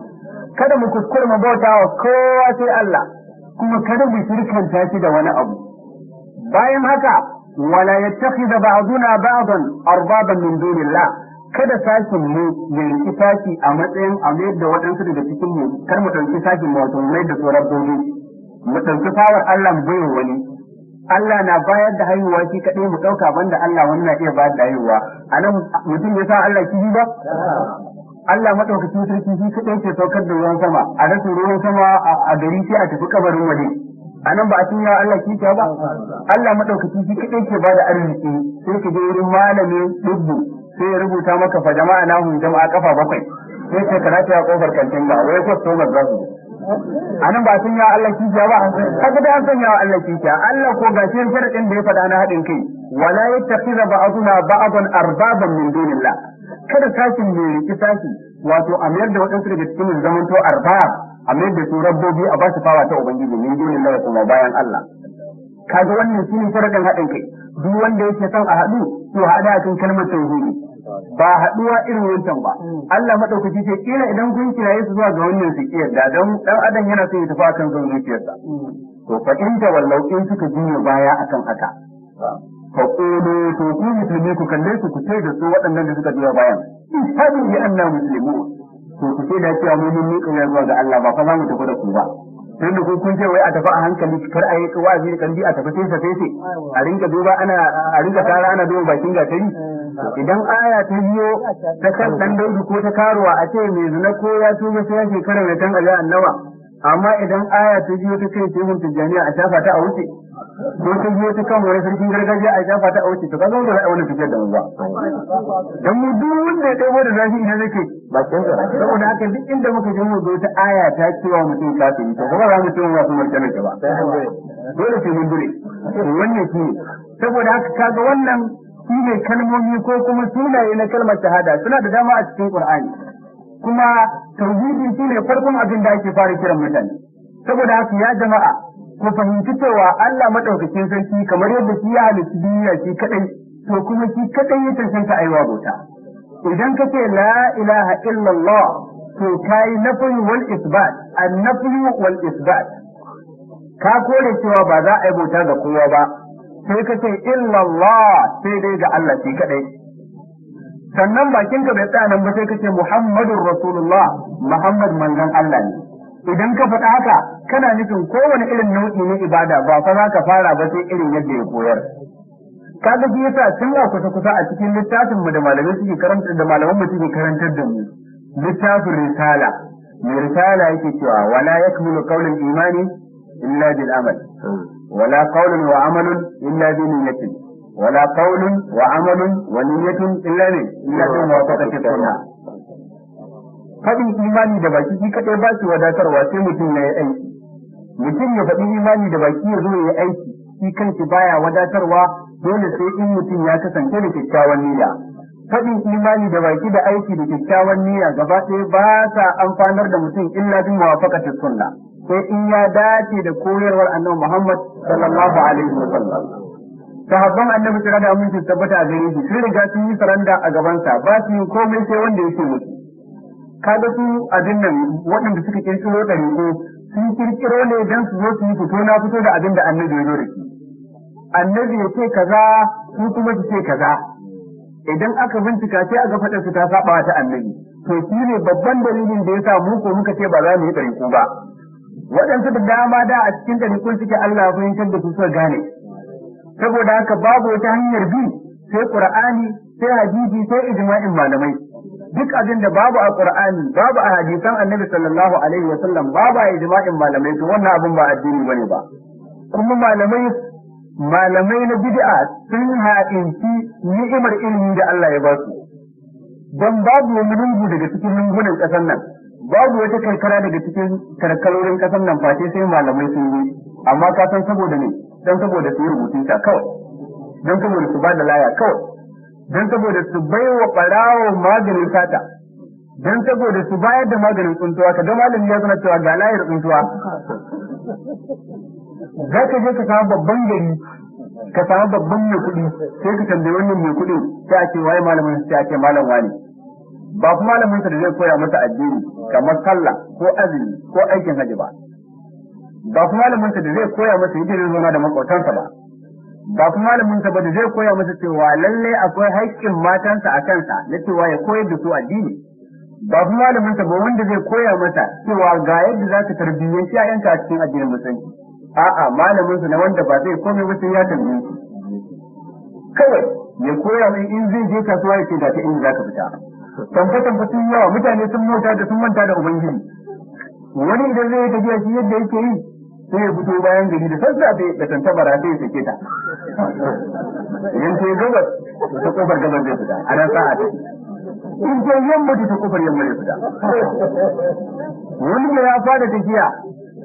[SPEAKER 3] kada mu kuskure mu bauta wa kowa sai Allah kuma kada mu shirkanta shi da wani abu bayan haka wala yattakhidha ba'duna ba'dan arbaban min dunillah kada sashin mu ya riki sashi a matsayin a mayar da waɗansu daga cikin mu kar mu ɗauki sashin mu wato mayar da tsoron gobe mu ɗauki fawar Allah mu bai wani Allah na bayar da haihuwa shi kaɗai mu ɗauka banda Allah wani na iya bayar da haihuwa a nan mutum ya sa Allah kifi ba Allah maɗaukacin sarki shi kaɗai ke saukar da ruwan sama a rashin ruwan sama a gari sai a tafi kabarin waje. a nan ba a cinya Allah kiji ba Allah madaukaki shi kadai ke bada arziki sai ka je wurin malamin dubbu sai ya rubuta maka fa jama'a na hun jama'a kafa bakwai sai ce kana ta kofar kantin ba wai ko to za su a ba sun ya Allah kiciya ba haka da an san ya Allah kiciya Allah ko ga shi sharadin da ya fada na haɗin kai wala yattakhidha ba'duna ba'dan arbaban min dunillah kada sashin mai ki saki wato a mayar da wadansu daga cikin zamanto arba a mayar da su rabbobi a ba su fawa ta ubangiji min dunillah kuma bayan Allah kaga wannan ne sharadin haɗin kai duk wanda yake son a hadu to hada cikin kalmar tauhidi ba haɗuwa irin wancan ba hmm. Allah madaukaki ce kila idan kun kiraye su zuwa ga wannan su kiyar da dan dan adam yana so ya tafi akan zan zuciyarsa hmm. to fa in ta wallau in suka juya baya akan haka fa qulu to ku musulmi ku kalle su ku da su waɗannan da suka juya bayan in sabu ya annabi musulmi. to ku ce da cewa mu mun miƙa zuwa ga Allah ba fa za mu tafi da ku ba sai da kun ce wai a tafi a hankali kar a yi wa'azi da kandi a tafi sai sai a rinka duba ana a rinka ana duba bakin gatari idan aya ta biyo ta kan dan daudu ko ta karuwa a ce mai zina ko ya tuba sai ya shekara mai tan aja annawa amma idan aya ta biyo ta kai sai mun tijaniya a shafa ta a wuce ko ta biyo ta kan wani sarkin gargajiya a shafa ta auce to ka zo da wani fitar da mu ba dan mu duk wanda ya ɗebo da zafi ina zake bakin sa saboda haka duk inda muka ji mu zo ta aya ta cewa mutum kafiri to kuma za mu ce mu ba su martanar ba dole sai mun dure wannan shi saboda haka kaga wannan shi ne kalmomi ko kuma sunaye na kalmar shahada suna da dama a cikin Qur'ani kuma tauhidi shi ne farkon abin da ake fara kiran mutane saboda haka ya jama'a ku fahimci cewa Allah madaukakin sarki kamar yadda shi ya halitta duniya shi kadai to kuma shi kadai ya ka aiwa bauta idan ka ce la ilaha illallah to kai nafi wal isbat an nafi wal isbat ka kore cewa ba za a yi bauta ga kowa ba sai ka ce illallah sai dai ga Allah shi kadai sannan bakinka bai tsaya nan ba sai ka ce muhammadur rasulullah muhammad manzon Allah ne idan ka faɗa haka kana nufin kowane irin nau'i na ibada ba fa za ka fara ba sai irin yadda ya koyar kaga shi yasa tun a kusa kusa a cikin littafin mu da malamai suke karanta da malaman mu suke karantar da mu littafin risala mai risala yake cewa wala yakmulu qawlul imani illa bil amal wala qawlun wa amalun illa bil niyyati wala qawlun wa amalun wa niyyatin illa bil niyyati wa muwafaqati sunnah faɗin imani da baki shi kadai ba shi wadatarwa sai mutum ya yi aiki mutum ya faɗi imani da baki ya zo ya yi aiki shi kanshi baya wadatarwa dole sai in mutum ya kasance da kyakkyawan niyya faɗin imani da baki da aiki da kyakkyawan niyya gaba ɗaya ba sa amfanar da mutum illa bin mawafaqatis sunna sai in ya dace da koyarwar annabi Muhammad sallallahu alaihi wasallam sahabban annabi tare da mun tabbata a gare shi sun riga sun yi saranda a gabansa ba su yi komai sai wanda yake mutu. kaga su abin nan waɗanda suka kirkiro ɗariƙo sun kirkiro ne don su zo su yi fito na fito da abin da annabi ya zo da annabi ya ce kaza su kuma su ce kaza idan aka bincika sai aga faɗa su ta saba ta annabi to shi ne babban dalilin da ya sa mu ko muka ce ba za mu yi ku ba waɗansu da dama da a cikin ɗariƙon suke Allah ya fahimtar da su suka gane saboda haka babu wata hanyar bi sai Qur'ani sai hadisi sai ijma'in malamai duk abin da babu a Qur'ani babu a hadisan Annabi sallallahu alaihi wa sallam babu a ijma'in malamai to wannan abin ba addini bane ba kuma malamai malamai na bid'a sun hainci ni'imar ilimi da Allah ya ba su dan babu wani lungu daga cikin lungunan ƙasar nan babu wata karkara daga cikin karkarorin ƙasar nan face sai malamai sun yi amma ka san saboda ne dan saboda su yi rubutun kawai dan saboda su ba da laya kawai don saboda su bai wa ɓarawo maganin sata don saboda su bayar da maganin tsuntuwa ka ga malami ya zana cewa ga layar tsuntuwa za ka je ka samu babban gari ka samu babban mai kuɗi sai ka tambayi wannan mai kuɗin sai a ce waye malamin sai a ce malam wani ba kuma malamin sa da zai koya masa addini kamar sallah ko azumi ko aikin hajji ba ba kuma malamin sa da zai koya masa yadda zai zauna da makwautansa ba ba kuma malamin ta ba da zai koya masa cewa lalle akwai haƙƙin matansa a kansa na cewa ya koyar da su addini ba kuma malamin ta ba wanda zai koya masa cewa ga yadda za ka tarbiyyar shi a yanka a cikin addinin musulunci a'a malamin sa na wanda ba zai komai ba sai ya tambaye shi kawai ya koya mai in zai je kasuwa ya ce ga ta inda za ka fita tamfa tamfa sun yawa mutane sun mota da sun manta da ubangiji wani idan zai yi tafiya shi yadda yake yi sai ya fito bayan gari da sassafe da tantabara sai ya sake ta in ce gabas ta kofar gabas zai fita a nan sa'a in ce yamma ta kofar yamma zai fita wanda ya fara tafiya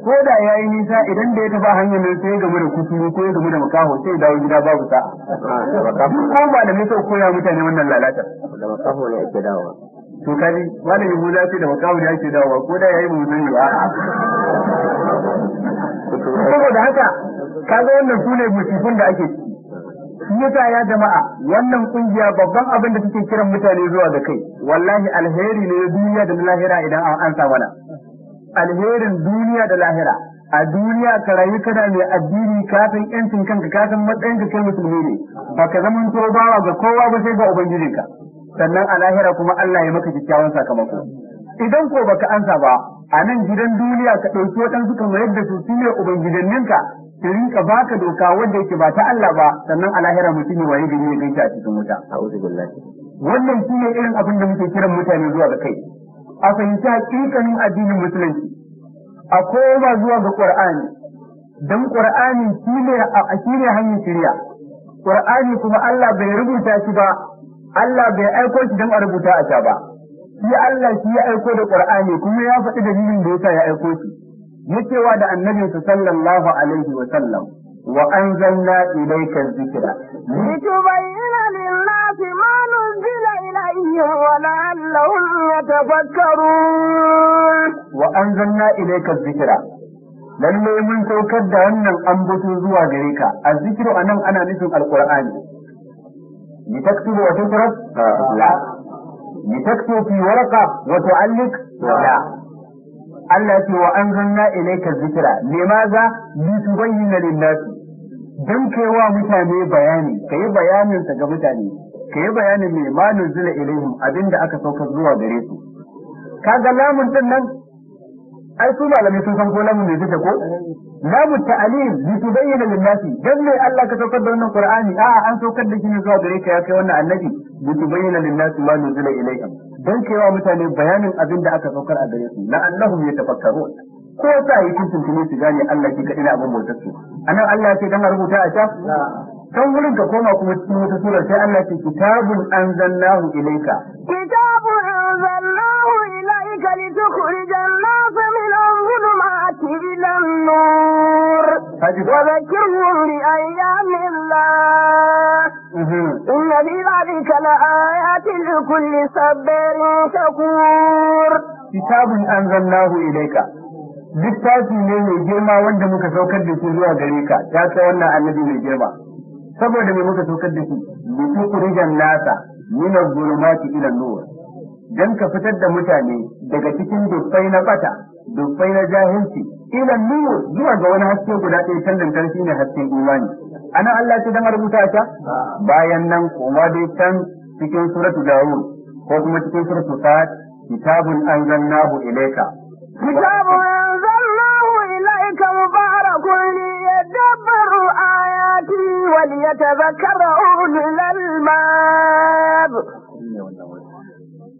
[SPEAKER 3] ko da ya yi nisa idan da ya tafi hanyar nan sai game da kuturu ko game da makaho sai dawo gida babu sa'a ko ba da mutum koya mutane wannan lalatar da makaho ne ake dawowa to kaji malam yahu za ce da makaho ne ake dawowa ko da ya yi mummun ne a'a saboda haka kaga wannan sune ne musifin da ake shi ya jama'a wannan ƙungiya babban abin da suke kiran mutane zuwa da kai wallahi alheri ne duniya da lahira idan an ansa mana alherin duniya da lahira a duniya ka rayu kana mai addini ka yancin kanka ka san matsayin ka kai musulmi ne baka zama to bawa ga kowa ba sai ga ubangijinka sannan a lahira kuma Allah ya maka kyakkyawan sakamako idan ko baka ansa ba a nan gidan duniya ka ɗauki waɗansu kamar yadda su su ne ubangijanninka ka, rinka baka doka wanda yake ba ta Allah ba sannan a lahira mutum ya waye gari ya gaita a cikin wuta a'udhu billahi wannan shine irin abin da muke kiran mutane zuwa ga kai a fahimta hakikanin addinin musulunci a koma zuwa ga qur'ani dan qur'ani shine shine hanyar shirya qur'ani kuma Allah bai rubuta shi ba Allah bai aiko shi dan a rubuta a ta ba shi Allah shi ya aiko da qur'ani kuma ya faɗi dalilin da yasa ya aiko shi متوا دا النبي صلى الله عليه وسلم وانزلنا اليك الذكر
[SPEAKER 2] لتبين للناس ما نزل اليهم ولعلهم يتفكرون
[SPEAKER 3] وانزلنا اليك الذكر
[SPEAKER 2] لله من
[SPEAKER 3] توكد ان الانبوت زوا غريكا الذكر انا انا مثل القران لتكتب وتكرس آه. لا لتكتب في ورقه وتعلق لا Allah ce wa an zikira, anzalna ilayka dhikra limaza litubayyana lin Don kai wa mutane bayani ka yi bayanin sa ga mutane ka yi bayanin me ma nuzila ilaihim abinda aka saukar zuwa gare su ga lamun din nan ai su malamai sun san ko lamun ne take ko babu ta'alim bi tubayyana lin-nasi dan me Allah ka saukar da wannan Qur'ani a an saukar da shi ne zuwa gare ka ya kai wannan annabi bi tubayyana lin-nasi ma nuzila ilayka dan wa mutane bayanin abin da aka saukar a gare su la'allahum yatafakkarun ko ta yi tuntuni su gane Allah shi kadai abin bautar su Allah ya ce dan rubuta a ta don wurin ka koma kuma cikin wata sura sai Allah ce kitabun anzalnahu ilayka
[SPEAKER 2] kitabun anzalnahu ilayka an nas min al dhulumati ila an-nur wa dhakkirhum bi ayami Allah mhm. inna fi dhalika laayatin li kulli sabarin shakur
[SPEAKER 3] kitabun anzalnahu ilayka littafi ne mai girma wanda muka saukar da su zuwa gare ka ya ta wannan annabi mai girma saboda mai muka saukar da shi bi tukurijan nasa min az-zulumati ila nur dan ka fitar da mutane daga cikin dubbai na bata dubbai na jahilci ila nur zuwa ga wani haske guda ɗaya can dankar shi ne hasken imani ana Allah ce dan rubuta ta bayan nan kuma dai can cikin suratu dawo ko kuma cikin suratu sa'ad kitabun anzalnahu ilayka
[SPEAKER 2] kitabun anzalnahu ilayka mubarakun وليتدبروا آياتي وليتذكر أولي الألباب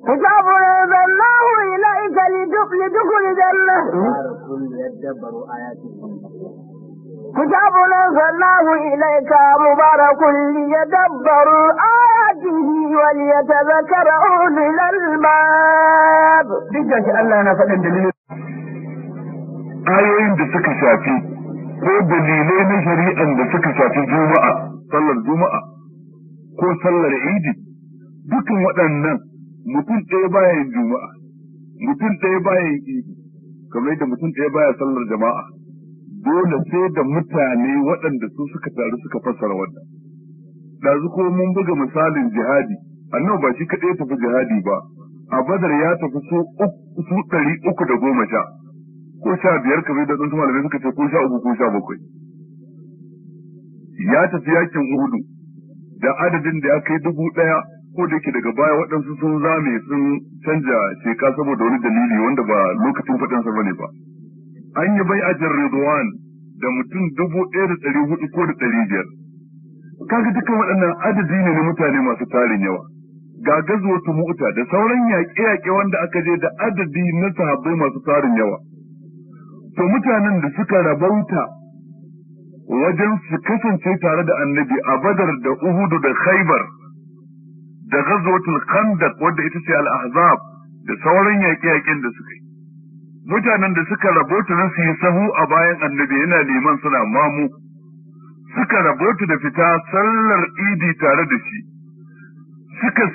[SPEAKER 2] كتاب أنزلناه إليك دخل جنة كتاب أنزلناه إليك مبارك ليدبروا آياته وليتذكر أولي الألباب.
[SPEAKER 3] Duk da shi Allah yana faɗin dalilin ayoyin
[SPEAKER 4] ko dalilai na shari'an da suka shafi juma'a sallar juma'a ko sallar idi dukan waɗannan mutum ɗaya bayan juma'a mutum ɗaya bayan idi kamar yadda mutum ɗaya baya sallar jama'a dole sai da mutane waɗanda su suka taru suka fassara wannan ɗazu ko mun buga misalin jihadi annabi ba shi kaɗai tafi jihadi ba a badar ya tafi su ɗari uku da goma sha ko sha biyar kamar da tsuntu malamai suka ce ko sha uku ko sha bakwai ya tafi yakin uhudu da adadin da ya kai dubu ɗaya ko da yake daga baya waɗansu sun zame sun canja sheka saboda wani dalili wanda ba lokacin faɗansa ba ne ba an yi bai ajin ridwan da mutum dubu ɗaya da ɗari hudu ko da ɗari biyar kaga dukkan waɗannan adadi ne na mutane masu tarin yawa ga gazuwatu tumuta da sauran yaƙe-yaƙe wanda aka je da adadi na sahabbai masu tarin yawa to mutanen da suka rabauta wajen su kasance tare da annabi a badar da uhudu da khaibar da ghazwatul khandaq wadda ita ce al-ahzab da sauran yaƙe-yaƙen da suka yi mutanen da suka rabota na su yi sahu a bayan annabi yana liman suna mamu suka rabota da fita sallar idi tare da shi suka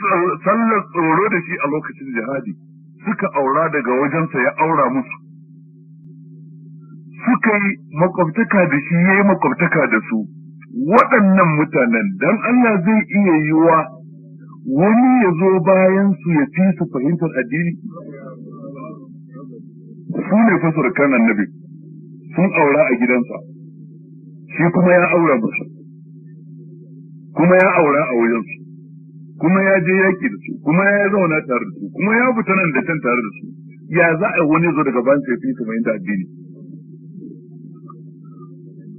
[SPEAKER 4] sallar tsoro da shi a lokacin jihadi suka aura daga wajensa ya aura musu suka yi makwabtaka da shi ya yi makwabtaka da su waɗannan mutanen dan Allah zai iya yi wa wani ya zo bayan su ya fi su fahimtar addini su ne fa surukan nabi sun aura a gidansa shi kuma ya aura musu, kuma ya aura a wajensu kuma ya je yaƙi da su kuma ya zauna tare da su kuma ya fita nan da can tare da su ya za a wani zo daga bayan ya fi su fahimtar addini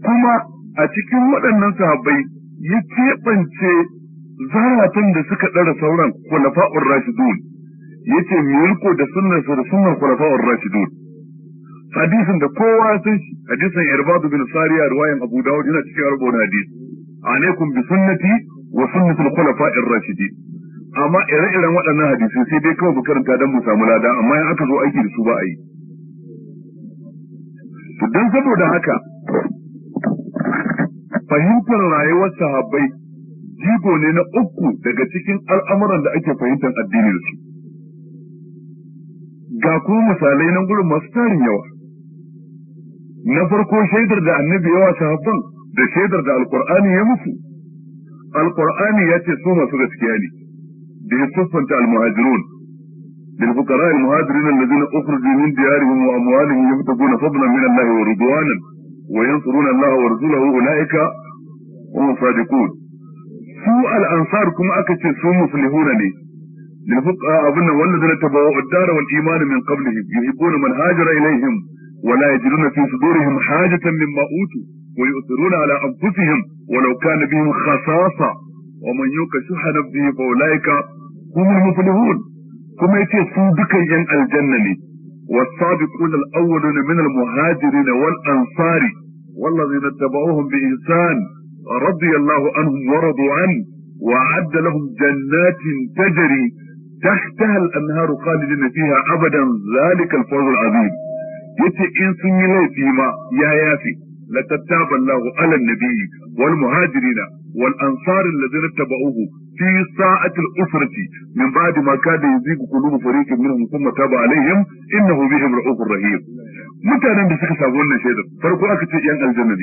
[SPEAKER 4] kuma a cikin waɗannan sahabbai ya keɓance zaratan da suka ɗara sauran kulafa'ur rashidun ya ce milko da sunnar da sunan kulafa'ur rashidun hadisin da kowa sun shi hadisin irbadu bin sariya riwayan abu dawud yana cikin arbon hadis alaikum bi sunnati wa sunnatul khulafa'ir rashidin amma ire-iren waɗannan hadisai sai dai kawai karanta don mu samu lada amma in aka zo aiki da su ba a yi don saboda haka fahimtar rayuwar sahabbai jigo ne na uku daga cikin al'amuran da ake fahimtar addinin su ga kuma misalai nan gurin masu tarin yawa na farko shaidar da annabi yawa sahabban da shaidar da alkur'ani ya musu alkur'ani ya ce su masu gaskiya ne da ya siffanta almuhajirun للفقراء المهاجرين الذين اخرجوا من ديارهم واموالهم يبتغون فضلا من الله ورضوانا وينصرون الله ورسوله اولئك هم صادقون سوء الأنصار كما أكدت سوء مصلحون لي لفق أبنى والذين تبعوا الدار والإيمان من قبلهم يحبون من هاجر إليهم ولا يجدون في صدورهم حاجة مما أوتوا ويؤثرون على أنفسهم ولو كان بهم خصاصة ومن يوك شح نفسه فأولئك هم المفلحون كما يتي صدق ين الجنة لي والصادقون الأولون من المهاجرين والأنصار والذين اتبعوهم بإنسان رضي الله عنهم ورضوا عنه وعد لهم جنات تجري تحتها الانهار خالدين فيها ابدا ذلك الفوز العظيم يتي ان سميلي فيما يا يافي لتتاب الله على النبي والمهاجرين والانصار الذين اتبعوه في ساعة الاسرة من بعد ما كاد يزيد قلوب فريق منهم ثم تاب عليهم انه بهم رؤوف رهيب متى نمسك سابون الشيطان فرقوا اكتشي ان الجنة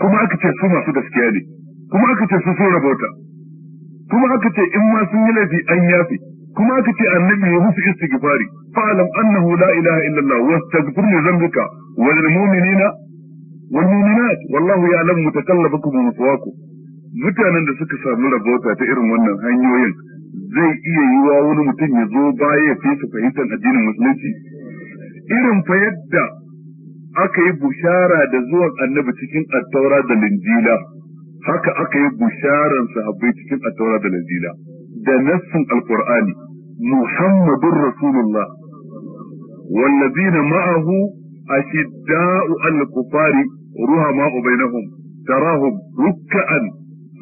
[SPEAKER 4] kuma aka ce su masu gaskiya ne kuma aka ce su sun rabauta kuma aka ce in ma sun yi laifi an yafi kuma aka ce annabi ya musu istighfari fa'alam annahu la ilaha illallah wastaghfir li dhanbika wa lil mu'minina wal mu'minat wallahu ya'lamu mutakallabakum wa mutawakkum mutanen da suka samu rabauta ta irin wannan hanyoyin zai iya yiwa wani mutum ya zo baya ya fi su fahimtar addinin musulunci irin fa yadda aka yi bushara da zuwan annabi cikin attaura da linjila haka aka yi busharar sahabbai cikin attaura da linjila da nassin alkur'ani muhammadun rasulullah wallazina ma'ahu ashidda'u alkufari ruha ma'u bainahum tarahum rukka'an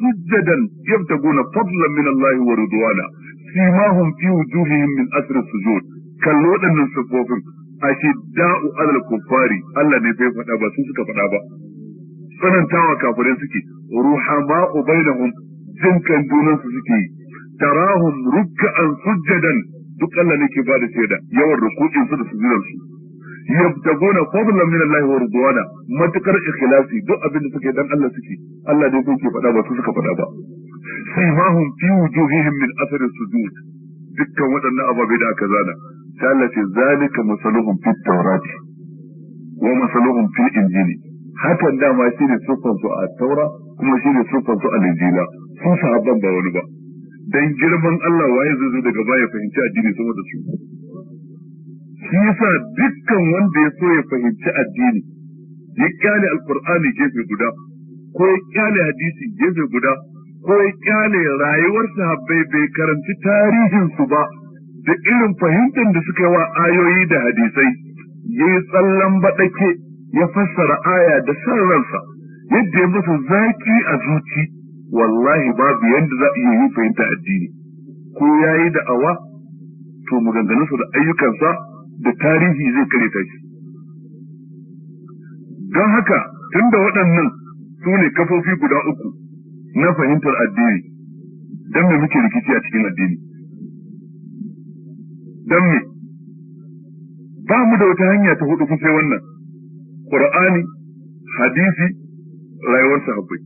[SPEAKER 4] sujjadan yabtaguna fadlan min allahi wa ridwana sima hum fi wujuhihim min asri sujud kallo dannan sabbofin ashidda'u alal kuffari Allah ne bai faɗa ba su suka faɗa ba tsanantawa kafirai suke ruhama'u bainahum jinkan junan su suke tarahum ruk'an sujjadan duk Allah ne ke ba da shaida yawan ruku'in su da sujudan su yabtaguna fadlan min Allah wa ridwana matukar ikhlasi duk abin da suke dan Allah suke Allah ne ke faɗa ba su suka faɗa ba sai mahum fi wujuhihim min athari sujud dukkan waɗannan ababe da aka zana ta Allah ce zalika masaluhum fit tawrati wa masaluhum fil injili hakan dama shine sufan su a taura kuma shine sufan su a injila su sahabban ba wani ba dan girman Allah waye zai zo daga baya fahimci addini sama da su shi yasa dukkan wanda ya so ya fahimci addini ya kyale alqur'ani gefe guda ko ya kyale hadisi gefe guda ko ya kyale rayuwar sahabbai bai karanci tarihinsu ba da irin fahimtar da suka wa ayoyi da hadisai ya yi tsallan baɗake ya fassara aya da san yadda ya masa zaki a zuci wallahi babu yadda za a iya yi fahimta addini ko ya yi da awa to maganganunsa da ayyukansa da tarihi zai kare ta shi don haka tunda waɗannan su ne kafofi guda uku na fahimtar addini don me muke rikici a cikin addini don me ba mu da wata hanya ta hudu sai wannan qur'ani hadisi rayuwar sahabbai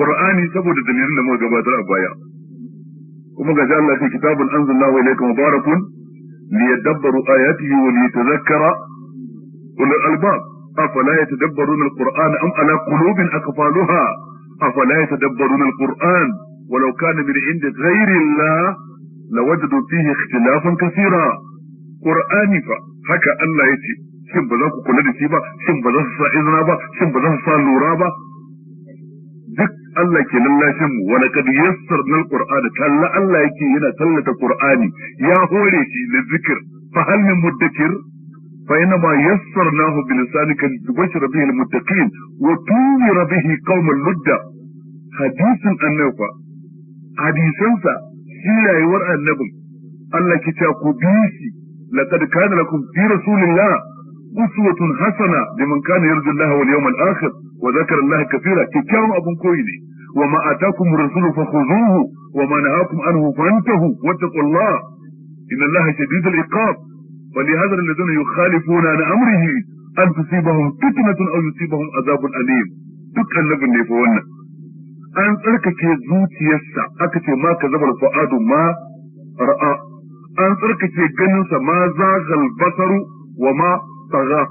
[SPEAKER 4] qur'ani saboda dalilin da muka gabatar a baya kuma ga Allah ce kitabun anzalallahu ilaykum mubarakun liyadabbaru ayatihi wa liyatadhakkara ulul albab afala yatadabbaruna alqur'ana am ala qulubin aqfaluha أفلا يتدبرون القرآن ولو كان من عند غير الله لوجدوا فيه اختلافا كثيرا قرآن فهكا ألا يتي شن بزاك كل نسي با شن بزاك سائزنا با شن بزاك سالورا با ذك ألا يكي لله شم ولقد يسرنا القرآن تلا ألا يكي هنا تلت القرآن يا هو للذكر فهل من مدكر فإنما يسرناه بلسانك لتبشر به المتقين وتنذر به قوم اللدة حديث النوفا حديث سا سيلا يورع النبم الله كتاكو بيسي لقد كان لكم في رسول الله أسوة حسنة لمن كان يرجو الله واليوم الآخر وذكر الله كثيرا كتاب أبو كويني وما آتاكم الرسول فخذوه وما نهاكم عنه فانتهوا واتقوا الله إن الله شديد العقاب ولهذا الذين يخالفون عن امره ان تصيبهم فتنه او يصيبهم عذاب اليم duk annabin ne fa wannan an tsarkake zuciyarsa aka ce ma ka zabar fa'adu ma ra'a an tsarkake ganinsa ma zagal basaru wa ma tsaga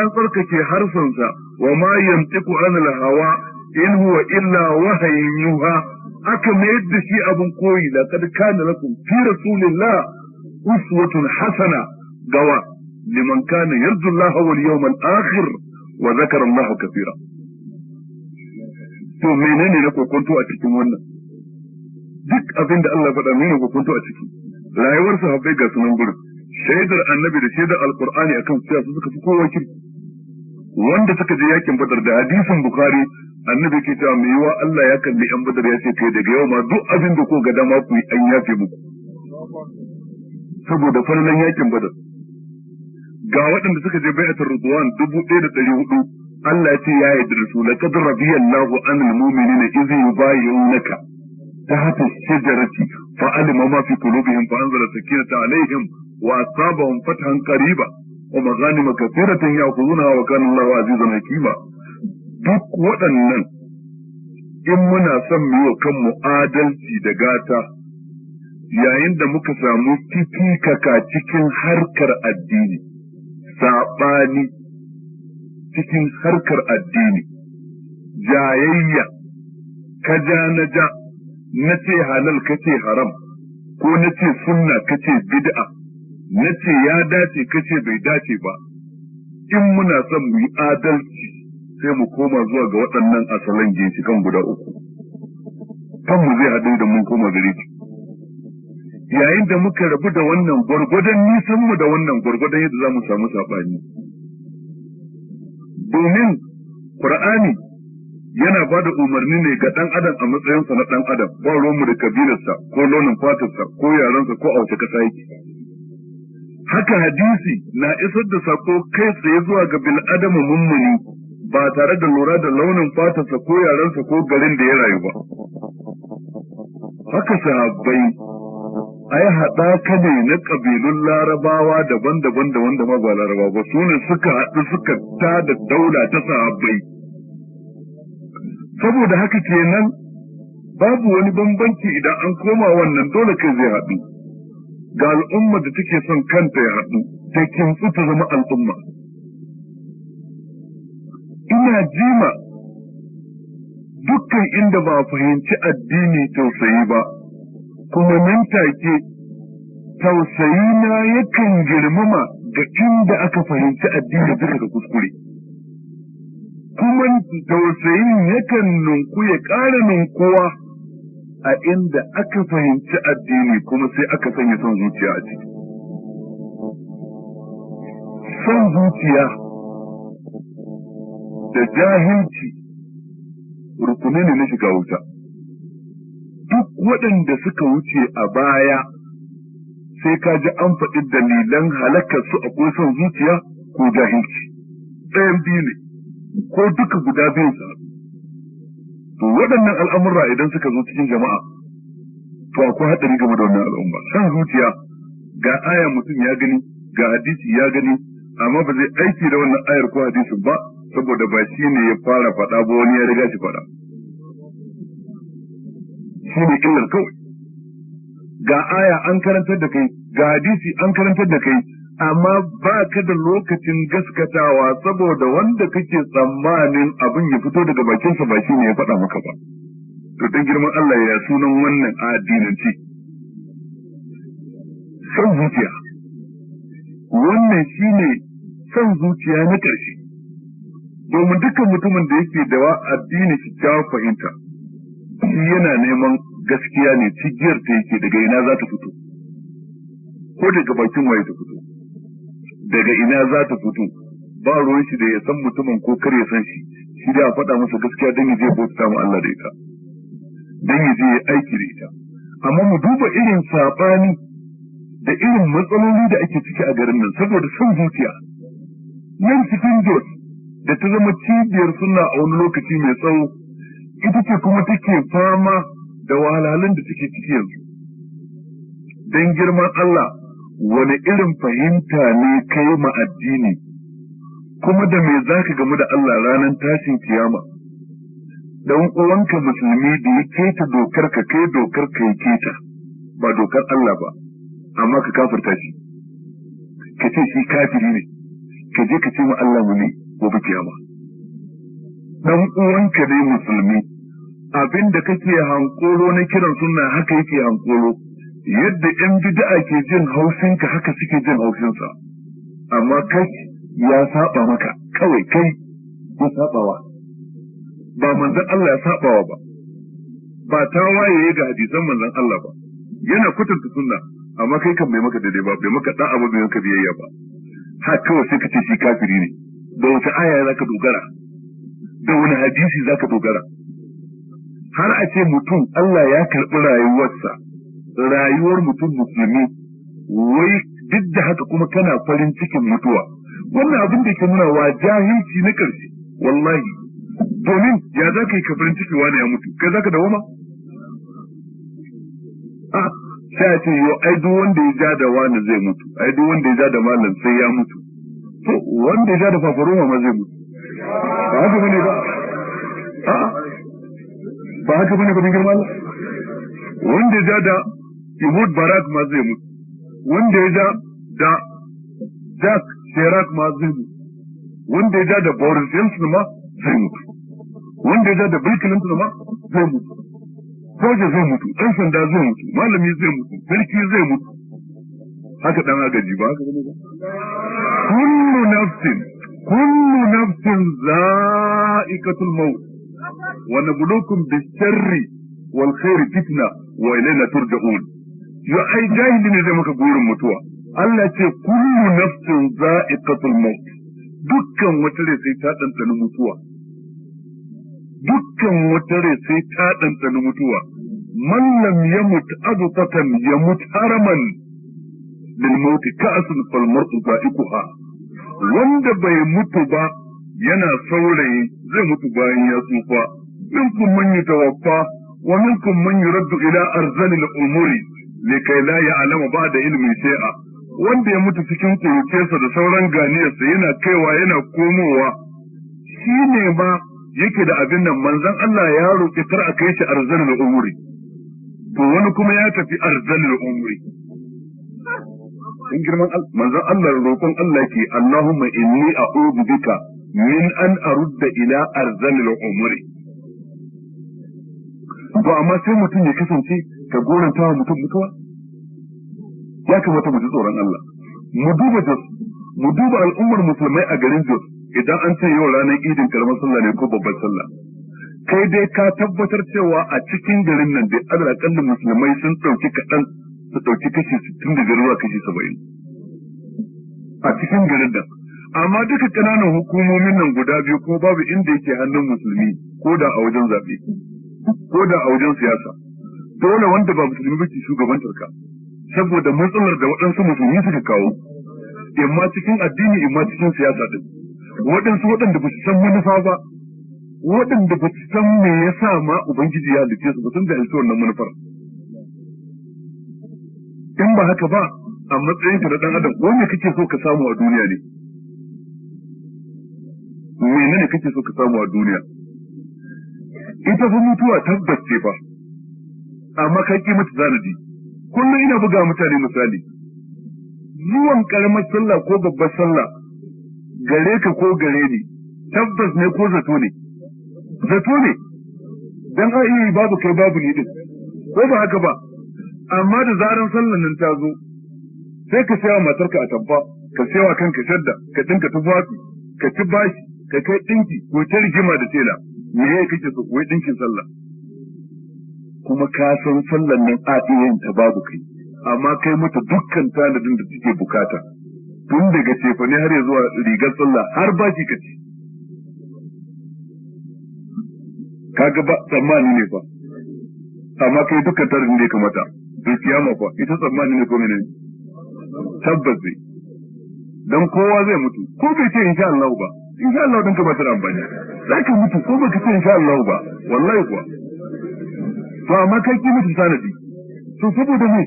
[SPEAKER 4] an tsarkake harsansa wa ma yamtiku anil hawa in huwa illa wahayin yuha aka mayar da shi abin koyi laqad kana lakum fi rasulillah uswatun hasana gawa liman kana yarju Allah wal yawmal akhir wa zakara Allah kathira to menene na kokonto a cikin wannan duk abin da Allah faɗa nuna kokonto a ciki rayuwar sahabbai ga sunan gurin shaidar annabi da shaidar alqur'ani akan su suka fi kowa kirki wanda suka je yakin badar da hadisin bukhari annabi ke cewa mai yiwa Allah ya kalli yan badar ya ce kai daga yau ma duk abin da ko ga dama ku yi an yafe muku saboda farnan yakin badar ga waɗanda suka je bai'atar rubuwan dubu ɗaya da ɗari hudu Allah ya ce ya yi dirsu na kadar rabiya Allahu an lumumi ne na izi yi bayi yin naka ta hafi shajarati fa alima ma fi kulubihim fa anzala sakina ta alaihim wa asaba hum fatahan qariba wa maghanima kathiratan ya'khuduna wa kana Allahu azizan duk waɗannan in muna son mu yi kanmu adalci da gata yayin da muka samu titi cikin harkar addini saɓani cikin harkar addini jayayya ka ja na ja na ce halal ka ce haram ko na ce sunna ka ce bid'a na ce ya dace ka ce bai dace ba in muna son mu yi adalci sai mu koma zuwa ga waɗannan asalan kan guda uku kan mu zai haɗu da mun koma gari gare yayin da muka rabu da wannan gwargwadon nisan mu da wannan gwargwadon yadda za mu samu saɓani domin Qur'ani yana ba da umarni ne ga ɗan adam a matsayinsa na ɗan adam ba ruwanmu da kabilarsa ko launin fatarsa ko yarensa ko a wace ƙasa yake haka hadisi na isar da sako kai tsaye zuwa ga bil adamu mummuni ba tare da lura da launin fatarsa ko yarensa ko garin da ya rayu ba haka sahabbai a yi haɗaka ne na ƙabilun larabawa daban-daban da wanda ma ba laraba ba su ne suka haɗu suka ta da daula ta sahabbai saboda haka kenan babu wani bambanci idan an koma wannan dole kai zai haɗu ga al'umma da take son kanta ya haɗu ta kintsu ta zama al'umma ina jima dukkan inda ba fahimci addini tausayi ba kuma nan take tausayi na yakan girmama ga inda aka fahimci addini bisa da kuskure kuma tausayin yakan nunku ya ƙara nunkuwa a inda aka fahimci addini kuma sai aka sanya son zuciya a ciki son zuciya da jahilci rukuni ne na shiga wuta duk waɗanda suka wuce a baya sai ka ji an faɗi dalilan halakarsu a son zuciya ko jahilci ɗayan biyu ne ko duka guda biyun sa to waɗannan al'amurra idan suka zo cikin jama'a to akwai haɗari game da wannan al'umma san zuciya ga aya mutum ya gani ga hadisi ya gani amma ba zai aiki da wannan ayar ko hadisin ba saboda ba shi ne ya fara faɗa ba wani ya riga shi faɗa shi ne illar kawai ga aya an karantar da kai ga hadisi an karantar da kai amma ba ka da lokacin gaskatawa saboda wanda kake tsammanin abin ya fito daga bakinsa ba shi ne ya faɗa maka ba to dan girman Allah ya sunan wannan addinanci san zuciya wannan shine san zuciya na ƙarshe domin dukkan mutumin da yake da addini ta fahimta shi yana neman gaskiya ne cigiyar ta yake daga ina za ta fito ko daga bakin waye ta fito daga ina za ta fito ba ruwan shi da ya san mutumin ko kar ya san shi shi da faɗa masa gaskiya don ya je bauta mu Allah da ita don ya je aiki da ita amma mu duba irin sabani da irin matsaloli da ake ciki a garin nan saboda son zuciya nan cikin Jos da ta zama cibiyar suna a wani lokaci mai tsawo ita ce kuma take fama da wahalhalun da take ciki yanzu don girman Allah wani irin fahimta ne kai ma addini kuma da me za ka gamu da Allah ranar tashin kiyama dan uwanka musulmi da ya keta dokar ka kai dokar ka ya keta ba dokar Allah ba amma ka kafirta shi ka ce shi kafiri ne ka je ka ce ma Allah mu ne ba kiyama dan uwanka dai musulmi abin da kake hankolo na kiran sunna haka yake hankolo, yadda yan bid'a ke jin haushinka haka suke jin haushinsa amma kai ya saba maka kawai kai ya sabawa ba manzon Allah ya sabawa ba ba ta waye ga hadisan manzon Allah ba yana kwatanta sunna amma kai kan bai maka daidai ba bai maka da'a ba bai biyayya ba har kawai sai ka ce shi kafiri ne da wata aya zaka dogara da wani hadisi zaka dogara har a ce mutum Allah ya karɓi rayuwarsa rayuwar mutum musulmi wai duk da haka kuma kana farin cikin mutuwa wannan abin da ke nuna wa jahilci na ƙarshe wallahi domin ya za ka yi ka ciki wani ya mutu kai za ka dawo ma? a sai a ce yo ai duk wanda ya ja da wani zai mutu ai duk wanda ya ja da malam sai ya mutu to wanda ya ja da fafaroma ma zai mutu ba haka ne ba a'a ba haka bane kudin girma Allah wanda ya ja da Imud Barak ma zai mutu wanda ya ja da Jack Sherak ma zai mutu wanda ya ja da Boris Johnson ma zai mutu wanda ya ja da Bill Clinton ma zai mutu soja zai mutu ɗan sanda zai mutu malami zai mutu sarki zai mutu haka dan agaji ba haka ba kullu nafsin kullu nafsin za'ikatul maut wa nabluukum bisharri wal khairi fitna wa ilayna turja'un yo ai jahili ne da maka gurin mutuwa Allah ce kullu nafsin za'iqatul maut dukkan wata rai sai ta ɗanɗana mutuwa dukkan wata rai sai ta ɗanɗana mutuwa haraman lil mauti ka'sun fal mar'u za'iquha wanda bai mutu ba yana saurayi zai mutu bayan ya tsufa منكم من يتوفى ومنكم من يرد إلى أرذل الأمور لكي لا يعلم بعد علم شيئا wanda ya mutu cikin kuruciyarsa da sauran ganiyarsa yana kaiwa yana komowa shi ne ma yake da abin nan manzan Allah ya roƙi kar a kai shi arzalul umuri to wani kuma ya tafi arzalul umuri in girman manzon Allah roƙon Allah ke Allahumma inni a'udhu bika min an arudda ila arzalul umuri to amma sai mutum ya kasance ka goranta wa mutum mutuwa ya kamata mu ji tsoron Allah mu duba Jos mu duba al'ummar musulmai a garin Jos idan an ce yau ranar idin karamar sallah ne ko babbar sallah kai dai ka tabbatar cewa a cikin garin nan dai Allah kalli musulmai sun ɗauki kaɗan su ɗauki kashi sittin da garuwa kashi saba'in a cikin garin nan amma duka ƙananan hukumomin nan guda biyu ko babu inda yake hannun musulmi ko da a wajen zaɓe ko da a wajen siyasa dole wanda ba musulmi ba ke shugaban turka saboda matsalar da waɗansu musulmi suka kawo imma cikin addini imma cikin siyasa din waɗansu waɗanda ba su san manufa ba waɗanda ba su san me yasa ma ubangiji ya halitta su ba sun da alƙawarin wannan manufar in ba haka ba a matsayin ka na ɗan adam ko me kake so ka samu a duniya ne menene kake so ka samu a duniya ita fa mutuwa tabbas ce ba amma ka ki mata zanadi kullum ina buga mutane misali zuwan karamar sallah ko babbar sallah gare ka ko gare ni tabbas ne ko zato ne zato ne dan ai babu kai babu ni din ko ba haka ba amma da zaran sallan nan ta zo sai ka sayawa matarka a tabba ka sayawa kanka shadda ka dinka tufafi ka ci bashi ka kai dinki ko ta da tela me ya kake so wai dinkin sallah kuma ka san sallan nan a iyayen ta babu kai amma kai mata dukkan tanadin da take bukata tun daga cefa ne har ya zuwa rigar sallah har ba ka kace kaga ba tsammani ne fa amma kai dukkan tanadin da ya kamata bai kiyama fa ita tsammani ne ko ne tabbas zai dan kowa zai mutu ko bai ce insha Allah ba insha Allah dan ba ta amfani za ka mutu ko baka ce insha Allah ba wallahi kuwa to amma kai ki mutu sanadi to saboda me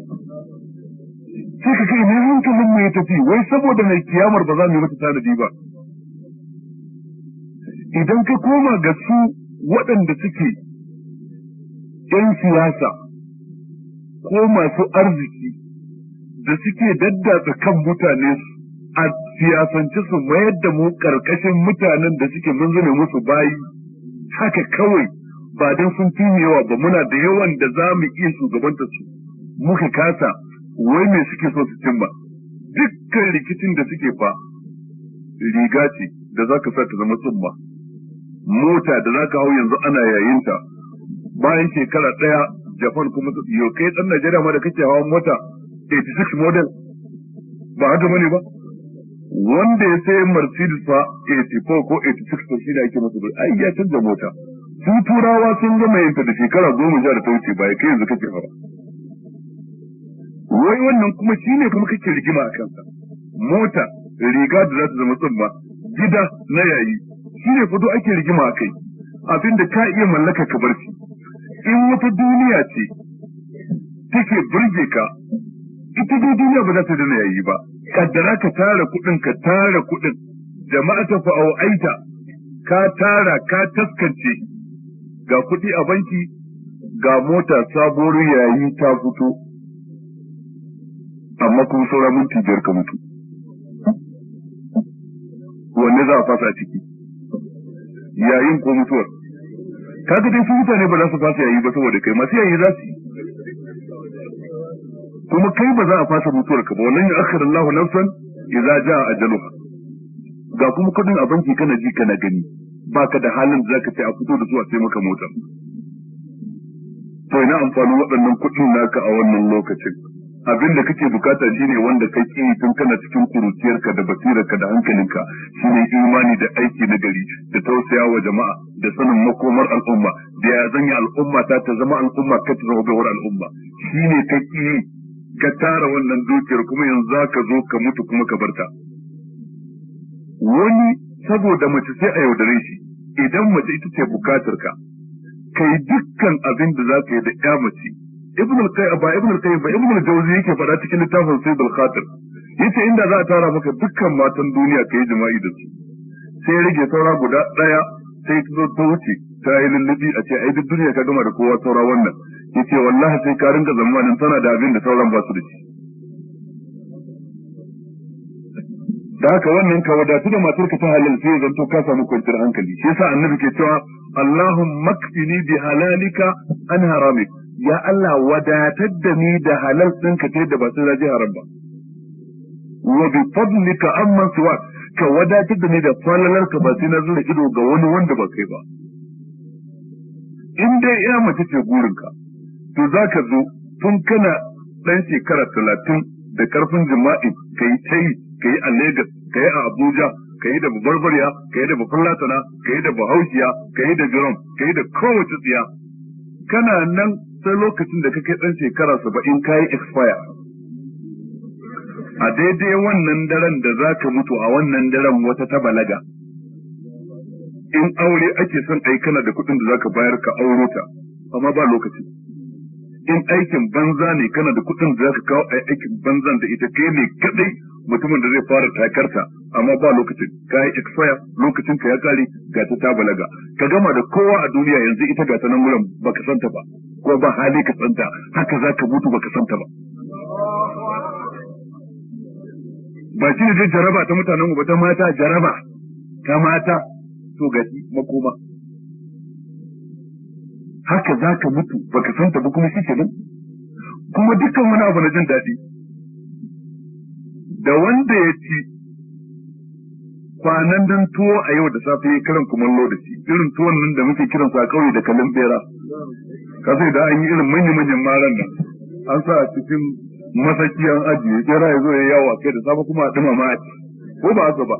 [SPEAKER 4] sai ka kai ne hankalin mu ya tafi wai saboda mai kiyamar ba za mu yi mata tanadi ba idan ka koma ga su waɗanda suke ‘yan siyasa ko masu arziki da suke daddatsa kan mutane su a siyasance su mayar da mu karkashin mutanen da suke mun zame musu bayi haka kawai ba don sun fi yawa ba muna da yawan da za mu iya shugabanta su muka kasa wai me suke so su cimma dukkan rikicin da suke fa riga ce da za ka sa ta zama tsumma mota da za ka hau yanzu ana yayinta bayan shekara ɗaya japan kuma yau kai ɗan najeriya ma da kake hawa mota 86 model ba haka bane ba wanda ya sai Mercedes fa 84 ko 86 to shi da ake masa ai ya canza mota su turawa sun gama yanta da shekara goma sha da ta wuce ba ya kai yanzu kake fara wai wannan kuma shi ne kuma kake rigima a kansa mota riga da za ta zama tsumma gida na yayi shi ne fito ake rigima a kai abin da ka iya mallaka ka bar shi in wata duniya ce take burge ka ita duniya ba za ta dana yayi ba kaddara ka tara kuɗin ka tara kuɗin jama'a ta fa'au ka tara ka taskance ga kuɗi a banki ga mota sabuwar yayi ta fito amma kuma saura minti biyar ka mutu wanne za a fasa ciki yayin ko mutuwar ga dai su mutane ba za su fasa yayi ba saboda kai masu yayi za su yi kuma kai ba za a fasa mutuwar ka ba wannan ya akhir Allahu nafsan idza jaa ajaluha ga kuma kudin abinci kana ji kana gani baka da halin da zaka ce a fito da zuwa sai maka mota to ina amfani waɗannan kuɗin naka a wannan lokacin abin da kake bukata shine wanda ka ki tun kana cikin kuruciyarka da ka da hankalinka shine imani da aiki na gari da tausaya wa jama'a da sanin makomar al'umma da ya zanya al'umma ta ta zama al'umma ka ta zama al'umma shine kai ki ka tara wannan dukiyar kuma yanzu za ka zo ka mutu kuma ka barta wani saboda mace sai a yaudare shi idan mace ita ce bukatar ka kai dukkan abin da za ka yi da ya mace ibn al-qayyim ba ibn al-qayyim ba ibn al-jawzi yake faɗa cikin littafin sayyid al-khatir yace inda za a tara maka dukkan matan duniya kai jima'i da su sai rage saura guda ɗaya sai ta zo ta wuce ta yi lullubi a ce ai duk duniya ka gama da kowa saura wannan ce, wallahi sai ka rinka zamanin tana da abin da sauran ba su da shi da haka wannan ka wadatu da matarka ta halal sai zanto ka samu kwanciyar hankali shi yasa annabi ke cewa Allahumma kfini bi halalika an haramik ya Allah wadatar da ni da halal ɗinka ta yadda ba sai zaje haram ba wa bi fadlika amma suwa ka wadatar da ni da falalarka ba sai na zura ido ga wani wanda ba kai ba in dai ina mace ce gurinka to za ka zo tun kana ɗan shekara talatin da ƙarfin jima'i ka yi ta yi ka yi a Legas ka yi a Abuja ka yi da babarbariya ka yi da bafulatana ka yi da bahaushiya ka yi da jiran ka yi da kowace tsiya kana nan sai lokacin da kake ɗan shekara saba'in ka yi expire a daidai wannan daren da za ka mutu a wannan daren wata ta balaga in aure ake son ai kana da kuɗin da za ka bayar ka auro ta amma ba lokaci in aikin banza ne kana da kuɗin da zaka kawo ai aikin banzan da ita kai ne kadai mutumin da zai fara takarta amma ba lokacin ka yi expire lokacin ka ya kare ga ta ta balaga ka gama da kowa a duniya yanzu ita ga ta nan wurin baka santa ba ko ba hali ka santa haka zaka mutu baka santa ba ba shi ne jaraba ta mutanen mu ba ta mata jaraba ta mata to gaji makoma haka za ka mutu ka san ta ba kuma shi kuma dukkan wani abu na jin daɗi da wanda ya ci kwanan don tuwo a yau da safe ya kiran kumallo da shi irin tuwon nan da muke kiran sa kauye da kalin bera ka sai da an yi irin manyan manyan maran nan an sa a cikin masaki an ajiye bera ya zo ya yawo kai da safe kuma a dima ma ko ba haka ba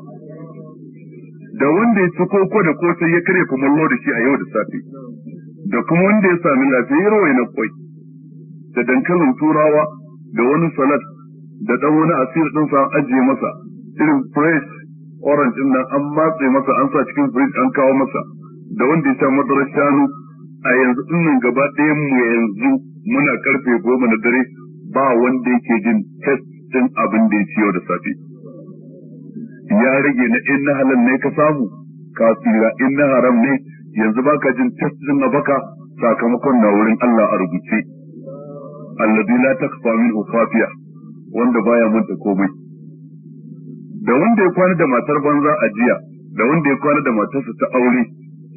[SPEAKER 4] da wanda ya ci koko da kosai ya karya kumallo da shi a yau da safe da kuma wanda ya sami lafiyar na kwai da dankalin turawa da wani salat da ɗan wani asir ɗin sa ajiye masa irin fresh orange ɗin nan an matse masa an sa cikin fridge an kawo masa da wanda ya sha madarar shanu a yanzu ɗin nan gaba ɗaya mu yanzu muna karfe goma na dare ba wanda yake jin test ɗin abin da ya ci yau da safe ya rage na in halal ne ka samu ka in na haram ne yanzu baka jin test na baka sakamakon na wurin Allah a rubuce alladhi la takfa min khafiya wanda baya manta komai da wanda ya kwana da matar banza a jiya da wanda ya kwana da matarsa ta aure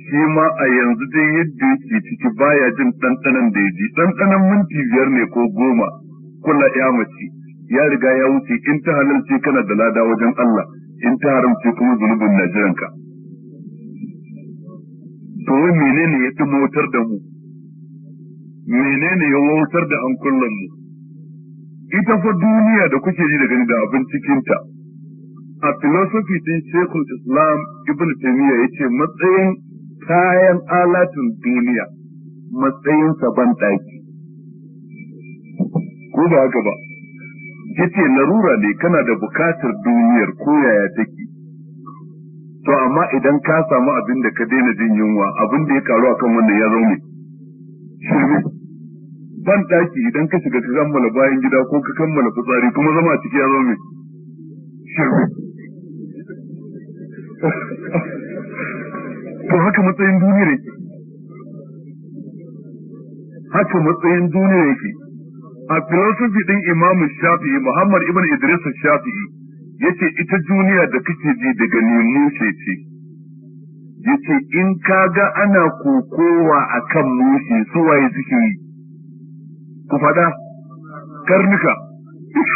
[SPEAKER 4] shi ma a yanzu dai yadda yake ciki baya jin ɗanɗanan da ya ji ɗanɗanan minti biyar ne ko goma kula ya mace ya riga ya wuce in ta halarci kana da lada wajen Allah in ta haramce kuma zunubin na jiranka. domin menene ya fi motar da mu menene ya wautar da an kullum mu ita fa duniya da kuke ji da gani da abin cikinta a philosophy din shekul islam ibn taymiya ya matsayin kayan alatin duniya matsayin saban ɗaki ko ba haka ba yace larura ne kana da bukatar duniyar ko yaya take to amma idan ka samu abin da ka daina jin yunwa abin da ya karu akan wannan ya zaune shirme ban daki idan ka shiga ka kammala bayan gida ko ka kammala fitsari kuma zama a ciki ya zaune shirme to haka matsayin duniya ne haka matsayin duniya yake a filosofi din imamu Shafi'i Muhammad ibn Idris Shafi'i yace ita duniya da kake ji daga nemo ce yace in ka ga ana kokowa a kan mushe su waye suke yi ku fada karnuka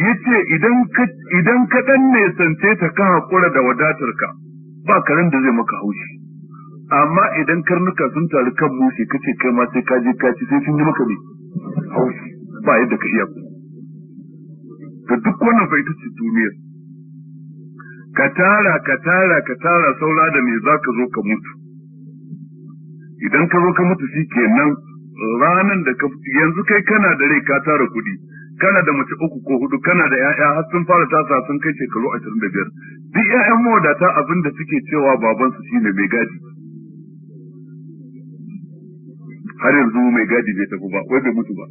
[SPEAKER 4] yace idan ka idan ka dan nesance ta ka hakura da wadatarka ba karen da zai maka haushi amma idan karnuka sun taru kan mushe kace kai ma sai ka je ka ci sai sun yi maka ne haushi ba yadda ka iya ku to duk wannan fa ce duniyar ka tara ka tara ka tara saura da me za ka zo ka mutu idan ka zo ka mutu shi kenan ranar da ka yanzu kai kana da rai ka tara kuɗi kana da mace uku ko hudu kana da 'ya'ya. har sun fara tasa sun kai shekaru ashirin da biyar duk 'ya'yan mawadata abin da suke cewa babansu shine mai gadi har yanzu mai gadi bai tafi ba wai bai mutu ba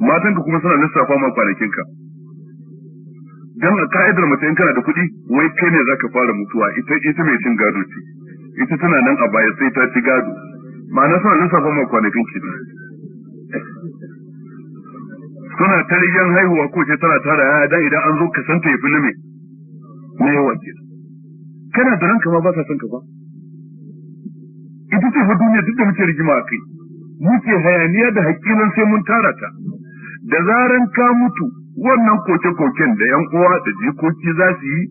[SPEAKER 4] matanka kuma suna lissafa ma kwanakinka dan a ka'idar mace in kana da kuɗi wai kai ne zaka fara mutuwa ita ita mai cin gado ce ita tana nan a baya sai ta ci gado ma'ana suna lissafa ma kwanakin ki suna ta haihuwa ko ce tana tara yaya dan idan an zo ka santa ya filime me yawa ke kana da ranka ma ba ka son ka ba ita ce fa duniya duk da muke rigima a kai muke hayaniya da hakilan sai mun tara ta da zaran ka mutu wannan koke-koken da yan uwa da jikoki za su yi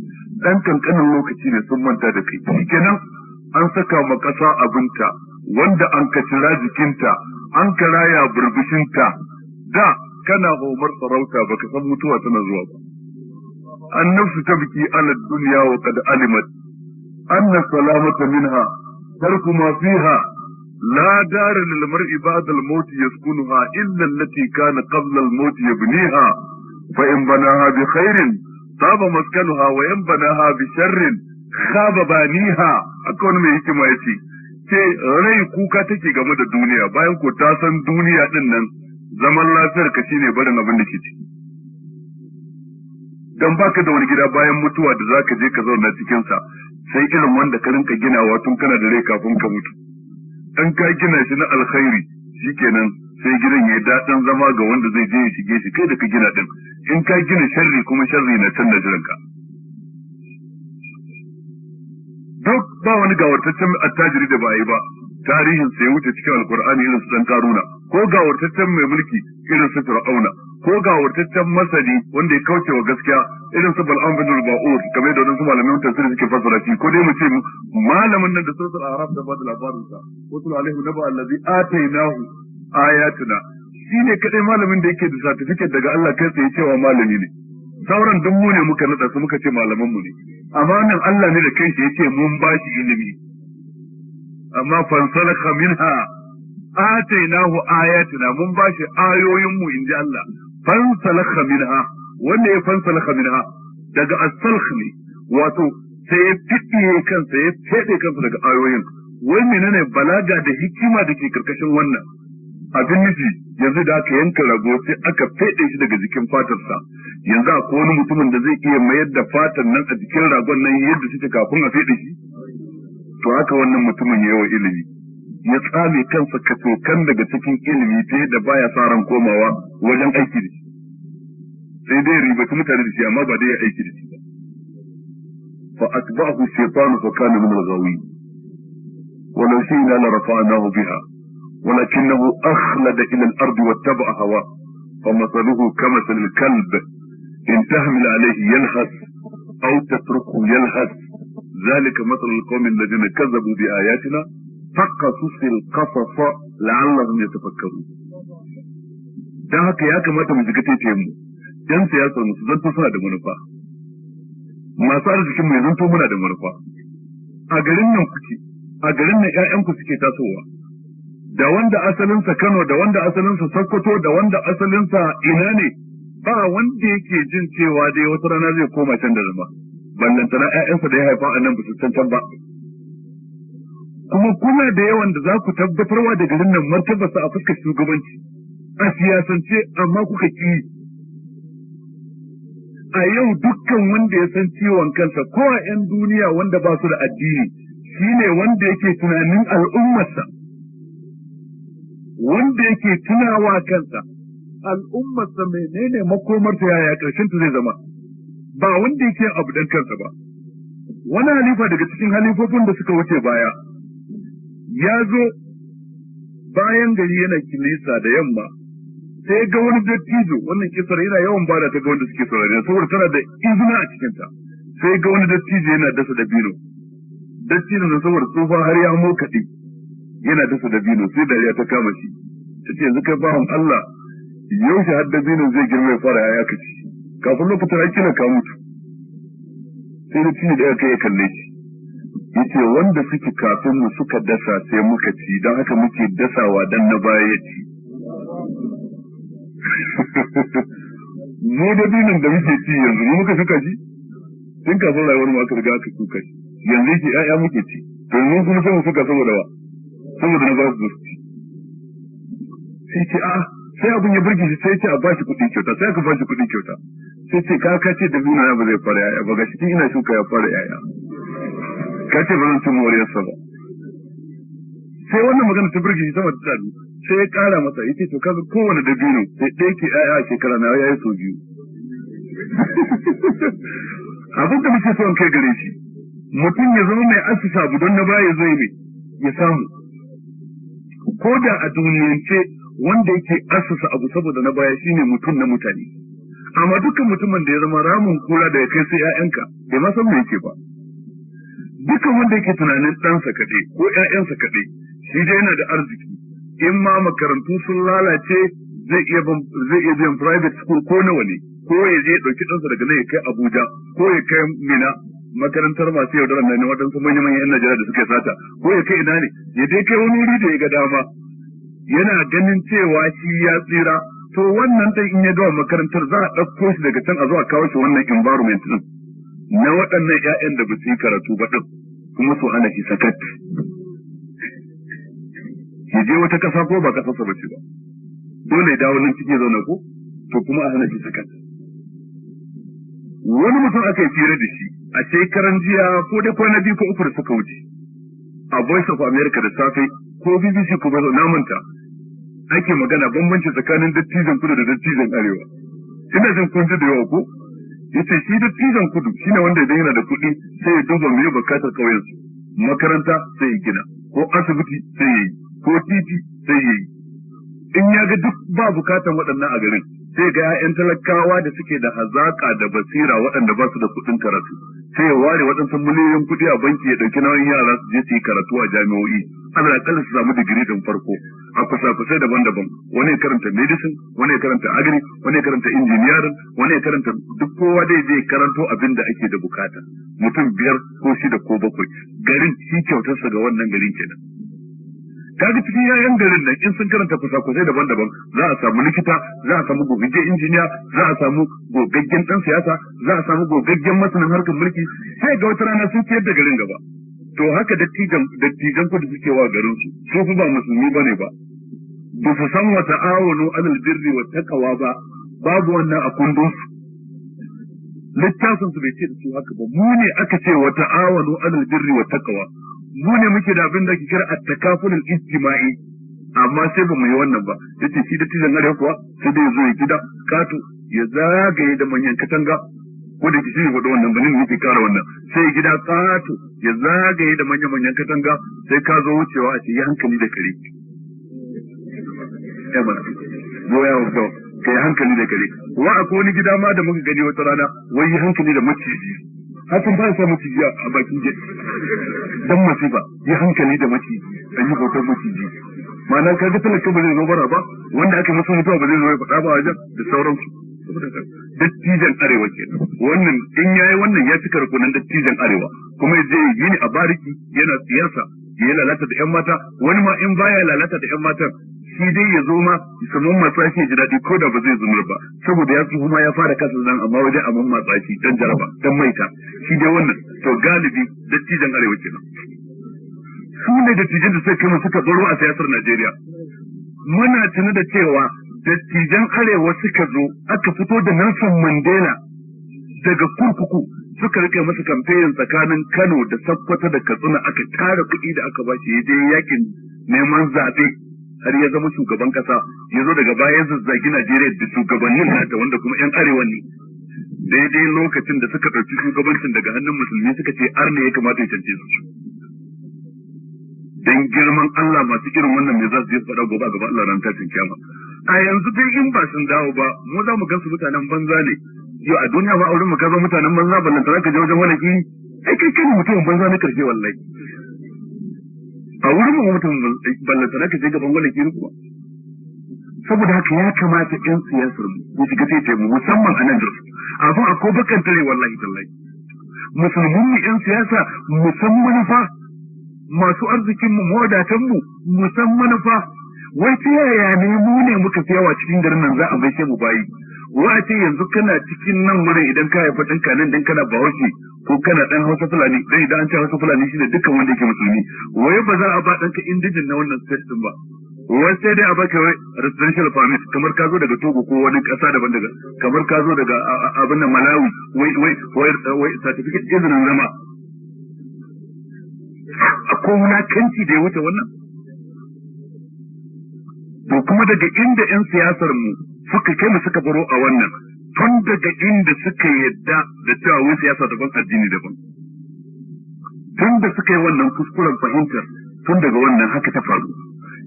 [SPEAKER 4] ɗan kankanin lokaci ne sun manta da kai nan, an saka ma ƙasa abinta wanda an kacira jikinta an karaya burbushinta da kana homar sarauta baka san mutuwa tana zuwa ba An nufi ta biki ana duniya wa kada alimat anna salamata minha tarku ma fiha لا دار للمرء بعد الموت يسكنها إلا التي كان قبل الموت يبنيها فإن بناها بخير طاب مسكنها وإن بناها بشر خاب بانيها أكون من هكما يتي ce rai kuka take game da duniya bayan ko ta san duniya din nan zaman lafiyar ka shine barin abin da ke ciki dan baka da wani gida bayan mutuwa da zaka je ka zauna cikin sa sai irin wanda ka rinka ginawa tun kana da rai kafin ka mutu in ka gina shi na alkhairi shikenan sai gidan ya daɗin zama ga wanda zai je ya shige shi kai da ka gina din in ka gina sharri kuma sharri na can jiranka duk ba wani gawartaccen attajiri da ba yi ba tarihin sai wuce cikin alkur'ani irin su dan karuna ko gawartaccen mai mulki irin su fir'auna ko ga wurtaccen masani wanda ya kauce wa gaskiya irin su bal'an bin ba'ur game da wadansu malamin tafsiri suke fassara shi ko dai mu ce malamin nan da suratul araf da ba da labarin sa watul alaihi naba allazi atainahu ayatuna shine kadai malamin da yake da certificate daga Allah kai tsaye cewa malami ne sauran duk mu ne muka nada su muka ce malaman mu ne amma nan Allah ne da kanshi yake mun ba shi ilimi amma fansalaka minha atainahu ayatuna mun ba shi ayoyin mu inji Allah fansalakha minha wanda ya fansalakha minha daga as-salkh ne wato sai ya fiɗiye kansa ya fede kansa daga ayoyin wai menene balaga da hikima da ke karkashin wannan abin nufi yanzu da aka yanka rago sai aka fede shi daga jikin fatarsa yanzu akwai wani mutumin da zai iya mayar da fatar nan a jikin ragon nan yadda suke kafin a fede shi to haka wannan mutumin ya yawan ilimi ya tsame kansa kacokan daga cikin ilimi ta yadda baya sa ran komawa wajen aiki da shi sai dai ribatu mutane da shi amma ba dai ya aiki da shi ba fa atba'ahu shaytanu fa kana min al-ghawin wa law shi'na la rafa'nahu biha ولكنه أخلد إلى الأرض واتبع هواه فمثله كمثل الكلب إن تهمل عليه يلهث أو تتركه يلهث ذلك مثل القوم الذين كذبوا بآياتنا فقصص القصص لعلهم يتفكرون dan haka ya kamata mu shiga tetayen mu yan ya mu su zanto suna da manufa masu arzikin mu zanto muna da manufa a garin nan kuke a garin nan ƴaƴan ku suke tasowa da wanda asalinsa Kano da wanda asalinsa Sokoto da wanda asalinsa ina ne ba wanda yake jin cewa dai wata rana zai koma can da zama ballantana ƴaƴansa da ya haifa a nan ba su can ba kuma kuma da yawan da za ku tabbatarwa da garin nan su a fuskar shugabanci a siyasance amma kuka ki a yau dukkan wanda ya san ciwon kansa ko a 'yan duniya wanda ba su da addini shine wanda yake tunanin al'ummarsa wanda yake tunawa kansa al'ummarsa menene makomarta yaya ƙarshen ta zai zama ba wanda yake abu dan kansa ba wani halifa daga cikin halifofin da suka wuce baya ya zo bayan gari yana kilisa da yamma sai ga wani dattijo wannan kisar yana yawan bada ta ga wanda suke saurare saboda tana da izina a cikinta sai ga wani dattijo yana dasa da bino dattijo na saboda tsofa har ya mokaɗe yana dasa da bino sai dariya ta kama shi ta ce zuka kai bawan Allah yaushe har da bino zai girma ya fara ya kaci kafin lokacin hakina na kamutu sai da da ya kai ya kalle shi yace wanda suke kafin mu suka dasa sai muka ci don haka muke dasawa dan na baya ya ci mu da dinin da muke ci yanzu mu muka suka ji? tun kafin rayuwar mu aka riga aka suka ci yanzu yake ƴaƴa muke ci to mun kuma sai mu suka saboda wa saboda na za su ci sai ce a ah, sai abun ya burge shi sai ce a bashi kuɗin kyauta sai aka bashi kuɗin kyauta sai ce ka ka ce da nuna ya ba zai fara ƴaƴa ba ga shi ina shuka ya fara ƴaƴa ka ce ba zan ci moriyarsa ba sai wannan magana ta burge shi sama da tsari sai ya kara masa yace to kaga kowane dabino sai ɗaya ke ɗaya a shekara na ya yi biyu abin da muke son kai gare shi mutum ya zama mai asusa abu don na baya zai mai ya samu ko da a duniyance wanda yake asusa abu saboda na baya shine mutum na mutane amma dukkan mutumin da ya zama ramun kula da ya kai sai 'ya'yanka bai ma san me yake ba dukan wanda yake tunanin ɗansa kaɗai ko ‘ya'yansa kaɗai shi dai yana da arziki in ma makarantu sun lalace zai iya zai iya biyan private school ko nawa ne ko ya je ɗauki ɗansa daga nan ya kai Abuja ko ya kai Mina makarantar masu yaudarar nan ne waɗansu manya-manyan 'yan Najeriya da suke sata ko ya kai ina ne ya dai kai wani wuri da ya ga dama yana ganin cewa shi ya tsira to wannan ɗan in ya gawa makarantar za a ɗauko shi daga can a zuwa kawo shi wannan environment ɗin na waɗannan ‘ya'yan da ba su yi karatu ba ɗin kuma su hana isakat sakat. Ya je wata ƙasa ko ba ƙasa ba ce ba. Dole ya dawo nan cikin zaune ko? To kuma a hana isakat sakat. Wani mutum aka yi fira da shi a shekaran jiya ko da kwana biyu ko uku da suka wuce. A Voice of America da safe ko BBC ko ba na manta. Ake magana bambanci tsakanin dattijan kudu da dattijan arewa. Ina jin kun ji da yawa ko? yace shi da tijan kudu shine wanda idan yana da kuɗi sai ya duba mai bukatar kauyensu su makaranta sai ya gina ko asibiti sai ya yi ko titi sai ya yi in ya ga duk ba bukatan waɗannan a garin sai ga 'ya'yan talakawa da suke da hazaka da basira waɗanda ba su da kuɗin karatu sai ya ware waɗansu miliyoyin kuɗi a banki ya ɗauki nauyin yara su je su yi karatu a jami'o'i ana akalla su samu digiri don farko a kusa-kusai daban-daban wani ya karanta medicine wani ya karanta agri wani ya karanta engineering wani ya karanta duk kowa dai zai karanto abin da ake da bukata mutum biyar ko shida ko bakwai garin shi kyautarsa ga wannan garin kenan ga cikin yayan garin nan in sun karanta kusa-kusai daban-daban za a samu likita za a samu gogaggen injiniya za a samu gogaggen dan siyasa za a samu gogaggen masanin harkar mulki sai ga wata rana sun ciyar da garin gaba to haka dattijan dattijan da suke wa garin su su fi ba musulmi bane ba ba su san wa ta'awunu alal birri wa taqwa ba babu wannan a kundin su littafin su bai ce da su haka ba mu ne aka ce wa ta'awunu alal birri wa taqwa mu ne muke da abin da ke kira at-takafulul ijtima'i amma sai ba mu yi wannan ba yace shi da tijan arewa kuwa sai dai zo ya gida katu ya zagaye da manyan katanga ko da shi ne faɗo wannan ba ne yake kara wannan sai gida katu ya zagaye da manyan manyan katanga sai ka zo wucewa a cikin hankali da kare goya wa kyau kai hankali da kare wa akwai wani gida ma da muka gani wata rana wai yi hankali da maciji hakan ba sa ya a bakin gate dan ba yi hankali da maciji a yi hoton maciji ma'ana ka ga talaka ba zai zo bara ba wanda aka masa mutuwa ba zai zo ya faɗa ba wajen da sauransu dattijan arewa ke wannan in yayi wannan ya cika rukunan dattijan arewa kuma ya je yini a bariki yana siyasa ya lalata da yan mata wani ma in baya lalata da yan matan shi dai ya zo ma su mammatsa ji daɗi ko da ba zai zumar ba saboda ya tsuhu ma ya fara kasa zan amma waje a mammatsa shi dan jaraba dan maita shi dai wannan to galibi dattijan arewa kenan su ne dattijan da suka kama suka tsoro a siyasar Najeriya muna tuna da cewa dattijan arewa suka zo aka fito da Nelson Mandela daga kurkuku suka rika masa kamfen tsakanin Kano da Sokoto da Katsina aka tara kuɗi da aka bashi ya je yakin neman zaɓe har ya zama shugaban ƙasa ya zo daga baya ya zazzagi Najeriya da shugabannin nata wanda kuma 'yan arewa ne daidai lokacin da suka ɗauki shugabancin daga hannun musulmi suka ce arne ya kamata ya canje su dan girman Allah masu irin wannan me za su je su faɗa gobe a gaba Allah ran tashin kiyama a yanzu dai in ba sun dawo ba mu za mu gansu mutanen banza ne yau a duniya ba auren ka zo mutanen banza ballanta za ka je wajen walaki ai kai kai mutumin banza na karshe wallahi a wurin mu mutum ballanta za ka je gaban walaki ne kuwa saboda haka ya kamata yan siyasar mu shiga sai mu musamman a nan da su a ko bakan tare wallahi tallahi musulmin mu yan siyasa musamman fa masu arzikin mu mawadatan mu musamman fa wai ta yaya ne mu ne muka fi yawa cikin garin nan za a mai mu bayi wa ce yanzu kana cikin nan wurin idan ka haifa ɗanka nan dan kana bahaushe ko kana ɗan hausa fulani ɗan idan an ce hausa fulani shine dukkan wanda yake musulmi wai ba za a ba ɗanka indijin na wannan state ba wai sai dai a baka residential permit kamar ka zo daga Togo ko wani ƙasa daban daga kamar ka zo daga abin nan Malawi wai wai wai certificate izinin zama akwai wulakanci da ya wuce wannan to kuma daga inda 'yan siyasar mu suka kai mu suka baro a wannan tun daga inda suka yadda da cewa wai siyasa daban addini daban tun da suka yi wannan kuskuren fahimtar tun daga wannan haka ta faru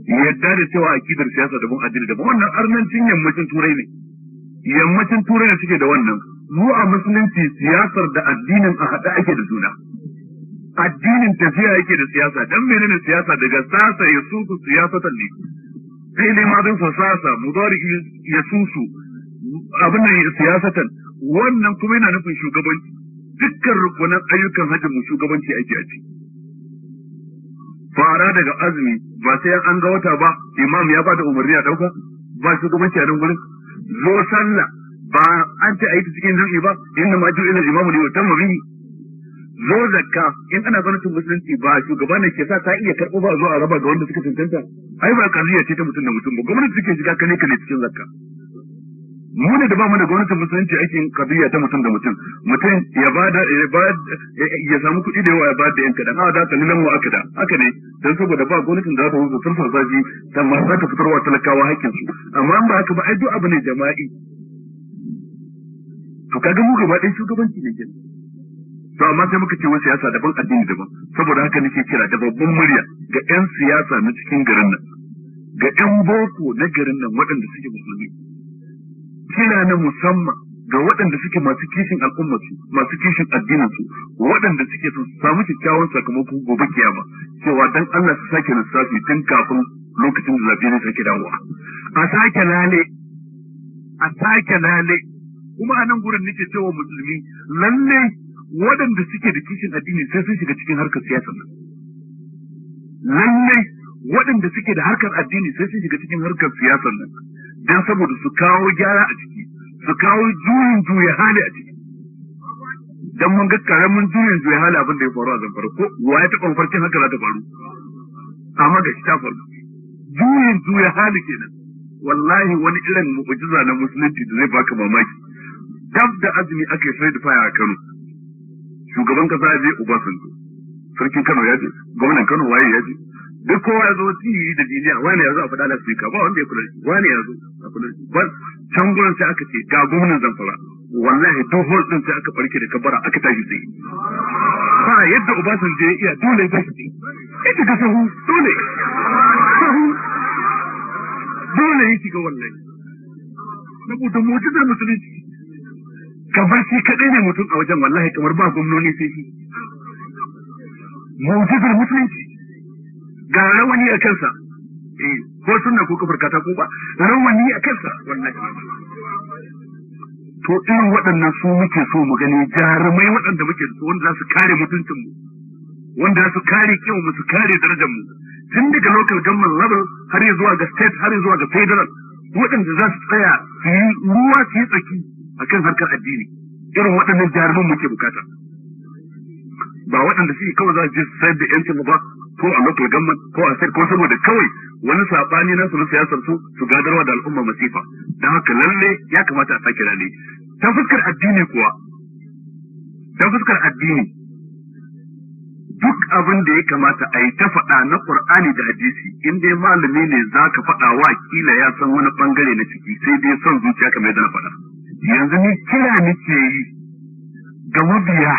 [SPEAKER 4] yadda da cewa akidar siyasa daban addini daban wannan arnancin yammacin turai ne yammacin turai ne suke da wannan mu a musulunci siyasar da addinin a haɗa ake da juna addinin tafiya yake da siyasa dan menene siyasa daga sasa ya su siyasatan ne ma madin fasasa mudari ya susu abin nan ya siyasatan wannan kuma yana nufin shugabanci dukkan rukunan ayyukan hajji mu shugabanci ake a ce. fara daga azumi ba sai an ga wata ba imam ya bada umarni a dauka ba shugabanci a nan gurin zo sallah ba an ce a yi cikin jami'i ba inna ma ju'ila imamu li yutamma bihi zo zakka in ana gwamnatin musulunci ba shugaba ne ke sa ta iya karɓo ba zo a raba ga wanda suka cancanta ai ba kaziya ce ta mutum da mutum ba gwamnati suke shiga kane ne cikin zakka mu ne da ba mu da gwamnatin musulunci aikin kabiya ta mutum da mutum mutum ya ba da ya samu kuɗi da yawa ya ba da yan kaɗan a da ta nan wa aka da haka ne dan saboda ba gwamnatin da za ta wuce turfar zaji dan ma za ta fitarwa talakawa hakkin su amma ba haka ba ai duk abu ne jama'i to kaga mu gaba ɗaya shugabanci ne kenan to amma sai muka ce wa siyasa daban addini daban saboda haka nake kira da babban murya ga yan siyasa na cikin garin nan ga yan boko na garin nan waɗanda suke musulmi kira na musamman ga waɗanda suke masu kishin al'ummarsu masu kishin addininsu waɗanda suke su samu kyakkyawan sakamakon gobe kiyama cewa dan Allah su sake lissafi tun kafin lokacin da zafi ne sake dawowa a sake lale a sake lale kuma a nan gurin nake cewa musulmi lalle waɗanda suke da kishin addini sai sun shiga cikin harkar siyasa lallai waɗanda suke da harkar addini sai sun shiga cikin harkar siyasa nan don saboda su kawo gyara a ciki su kawo juyin juya hali a ciki dan mun ga karamin juyin juya hali abin da ya faru a zamfara ko wa ya taɓa farkin haka za ta faru amma ga shi ta faru juyin juya hali kenan wallahi wani irin mu'jiza na musulunci da zai baka mamaki dab da azumi aka yi sai da faya a Kano shugaban kasa ya je Obasanjo sarkin Kano ya je gwamnan Kano waye ya je duk kowa ya zo tiyi da duniya wani ya zo a faɗa lafika ba wanda ya kula shi wani ya zo a kula shi ba can gurin sai aka ce ga gwamnan zamfara wallahi ta din sai aka farke da kabara aka tashi sai ba yadda Obasanjo ya iya dole ya tashi sai ita ga sahu dole dole ya shiga wallahi saboda mu'jizar musulunci kamar shi kaɗai ne mutum a wajen wallahi kamar ba gwamnoni sai shi mu'jizar musulunci ga rawani a kansa eh, ko sunna ko kafar katako ba rawani a kansa wannan. to irin waɗannan su muke so mu gani jarumai waɗanda muke so wanda za su kare mutuncinmu wanda za su kare kiwonmu su kare darajanmu. tun daga local government level har zuwa ga state har zuwa ga federal waɗanda za su tsaya su yi ruwa su yi tsaki a kan harkar addini irin waɗannan jarumin muke bukata ba waɗanda shi kawai za su sayar da yancin ba ko a local government ko a sayar ko saboda kawai wani saɓani na su siyasar su su gadarwa da al'umma masifa don haka lalle ya kamata a sake lalle ta fuskar addini kuwa ta fuskar addini
[SPEAKER 3] duk abin da ya kamata a yi ta faɗa na ƙur'ani da hadisi in dai malami ne za ka faɗa wa kila ya san wani ɓangare na ciki sai dai son zuciya kamar yadda na faɗa
[SPEAKER 4] yanzu ni kira nake yi ga mabiya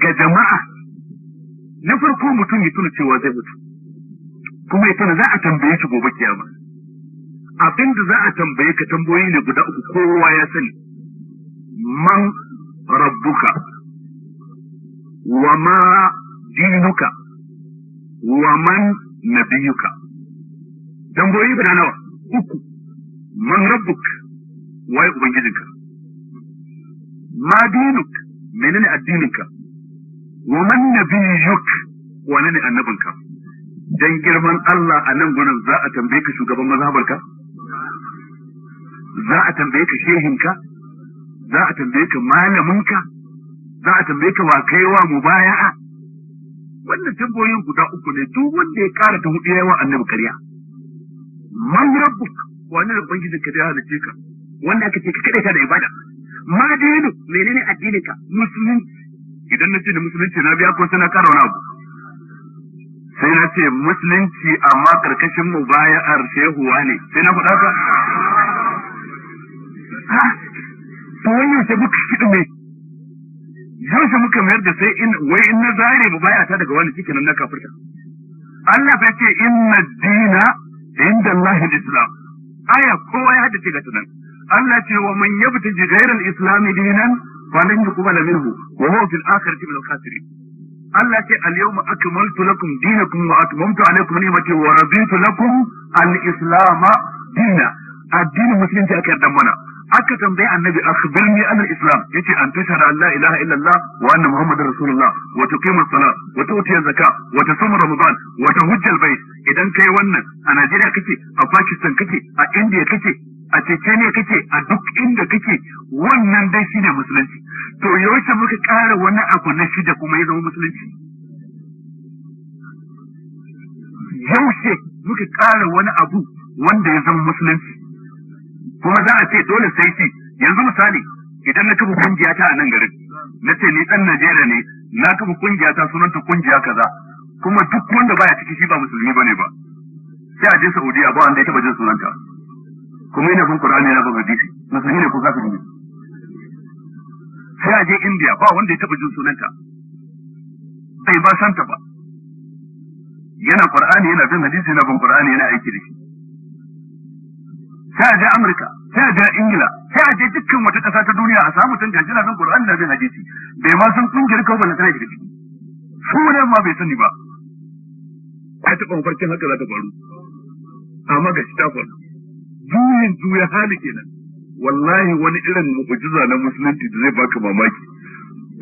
[SPEAKER 4] ga jama'a na farko mutum ya tuna cewa zai mutu kuma ya tuna za a tambaye shi gobe kiyama abin da za a tambaye ka tambayoyi ne guda uku kowa ya sani man rabbuka wa ma dinuka wa man nabiyuka tambayoyi guda nawa uku man rabbuka waye ubangijinka ma dinuk menene addininka wa man nabiyuk wane ne annabinka dan girman Allah a nan gurin za a tambaye ka shugaban mazhabarka za a tambaye ka shehinka za a tambaye ka malaminka za a tambaye ka wa kaiwa mubaya'a wannan tambayoyin guda uku ne duk wanda ya kara ta hudu wa annabi kariya man rabbuk wani da ubangijin ka da ya halice ka wanda aka ce ka kaɗaita da ibada ma ne, menene addinin ka musulunci idan na ce da musulunci na biya ko sai na kara wani abu sai na ce musulunci amma ƙarƙashin mu baya a shehuwa ne sai na faɗa ka
[SPEAKER 1] Ta
[SPEAKER 3] wani sai muka kiɗu mai yaushe muka mayar da sai in wai in na zare mu baya ta daga wani cikin na kafirta Allah fa ce inna dina inda Allah islam aya kowa ya haddace ga tunan Allah ce wa man
[SPEAKER 4] yabtaji ghayra al-islam dinan falan yuqbala minhu wa huwa fil akhirati min al-khasirin Allah ce al-yawma akmaltu lakum dinakum wa atmamtu alaykum ni'mati wa raditu lakum
[SPEAKER 3] al-islam dina addinin musulunci aka yarda mana aka tambayi annabi akhbirni an al-islam yace an tashhadu an la ilaha illallah wa anna muhammadar rasulullah
[SPEAKER 4] wa tuqima as-salat wa tu'ti az-zakat wa tasum ramadan wa tahujja al-bayt idan kai wannan
[SPEAKER 3] a Najeriya kake a Pakistan kake a India kake a cece ne kake a duk inda kake wannan dai shine musulunci to yaushe muka ƙara wani abu na shi da kuma ya zama
[SPEAKER 4] musulunci yaushe muka ƙara wani abu wanda ya zama musulunci kuma za a ce dole sai shi yanzu misali idan na kafa kungiya ta a nan garin na ce ni dan Najeriya ne na kafa kungiya ta sunanta kungiya kaza kuma duk wanda baya ciki shi ba musulmi bane ba sai a je Saudiya ba wanda ya taba jin sunanta kuma yana kun qur'ani yana bin hadisi musulmi ne ko kafiri ne sai a je India ba wanda ya taba jin sunanta bai ba santa ba yana qur'ani yana jin hadisi yana kun qur'ani yana aiki da shi sai a je Amurka sai a je Ingila sai a je dukkan wata ƙasa ta duniya a samu tun gajina na bin qur'ani na bin hadisi bai ma san kungiyar kawai na tana da su ne ma bai sani ba ta taɓa mafarkin haka za ta faru amma ga shi ta faru juyin juya hali kenan wallahi wani irin mu'jiza na musulunci da zai baka mamaki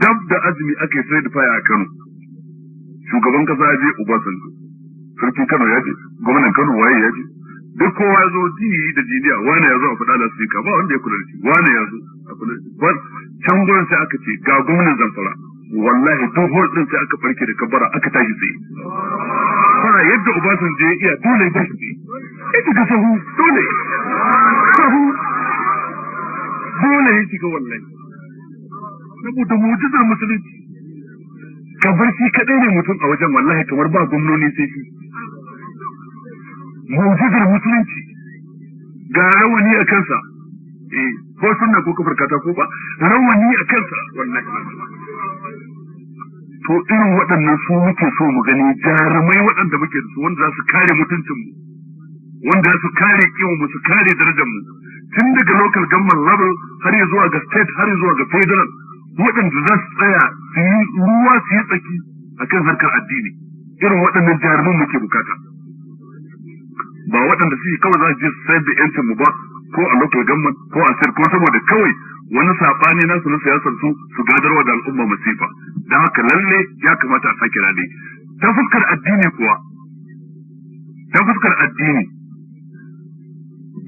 [SPEAKER 4] dab da azumi ake sai da faya a Kano shugaban kasa ya je Obasanjo sarkin Kano ya je gwamnan Kano waye ya je duk kowa ya zo ji da jiniya wani ya zo a faɗa ka ba wanda ya kula da shi wani ya zo a kula da can gurin sai aka ce ga gwamnan zamfara wallahi tun din sai aka farke da kabara aka tashi sai. fara yadda ubasan ya iya dole ya tashi ya shiga sahu dole sahu dole ya shiga wallahi saboda mu'jizar musulunci kabar shi kadai ne mutum a wajen wallahi kamar ba gwamnoni sai shi mu'jizar musulunci ga rawani a kansa eh, ko sunna ko kafar kata ko ba rawani a kansa wallahi to irin waɗannan su muke so mu gani jarumai waɗanda muke da su wanda za su kare mutuncinmu wanda su kare kiwon mu su kare darajar mu tun daga local government level har zuwa ga state har zuwa ga federal waɗanda za su tsaya su yi ruwa su yi tsaki akan harkar addini irin waɗannan jarumin muke bukata ba waɗanda su suke kawai za su je su sayar da yancin mu ba ko a local government ko a state ko saboda kawai wani saɓani nasu na siyasar su su gadarwa da al'umma masifa don haka lalle ya kamata a sake rane ta fuskar addini kuwa ta fuskar addini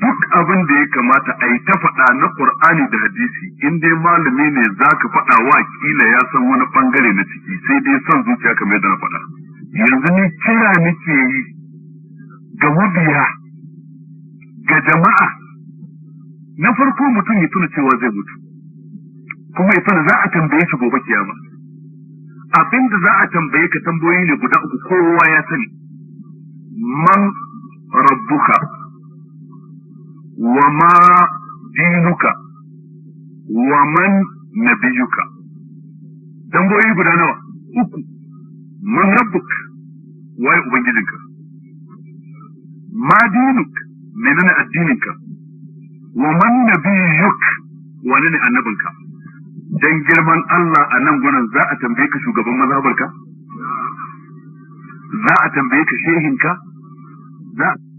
[SPEAKER 4] duk abin da ya kamata a yi ta faɗa na ƙur'ani da hadisi in dai malami ne za ka faɗa wa kila ya san wani ɓangare na ciki sai dai son zuciya kamar yadda na faɗa yanzu ni kira nake yi ga mabiya ga jama'a na farko mutum ya tuna cewa zai mutu kuma ya tuna za a tambaye shi gobe kiyama abin da za a tambaye ka tambayoyi ne guda uku kowa ya sani man rabbuka wa ma wa man nabiyuka tambayoyi guda nawa uku man rabbuk waye ubangijinka ma dinuk menene addininka wa man nabiyuk wani ne annabinka dan girman Allah a nan gurin za a tambaye ka shugaban mazhabarka
[SPEAKER 1] za a tambaye ka shehinka za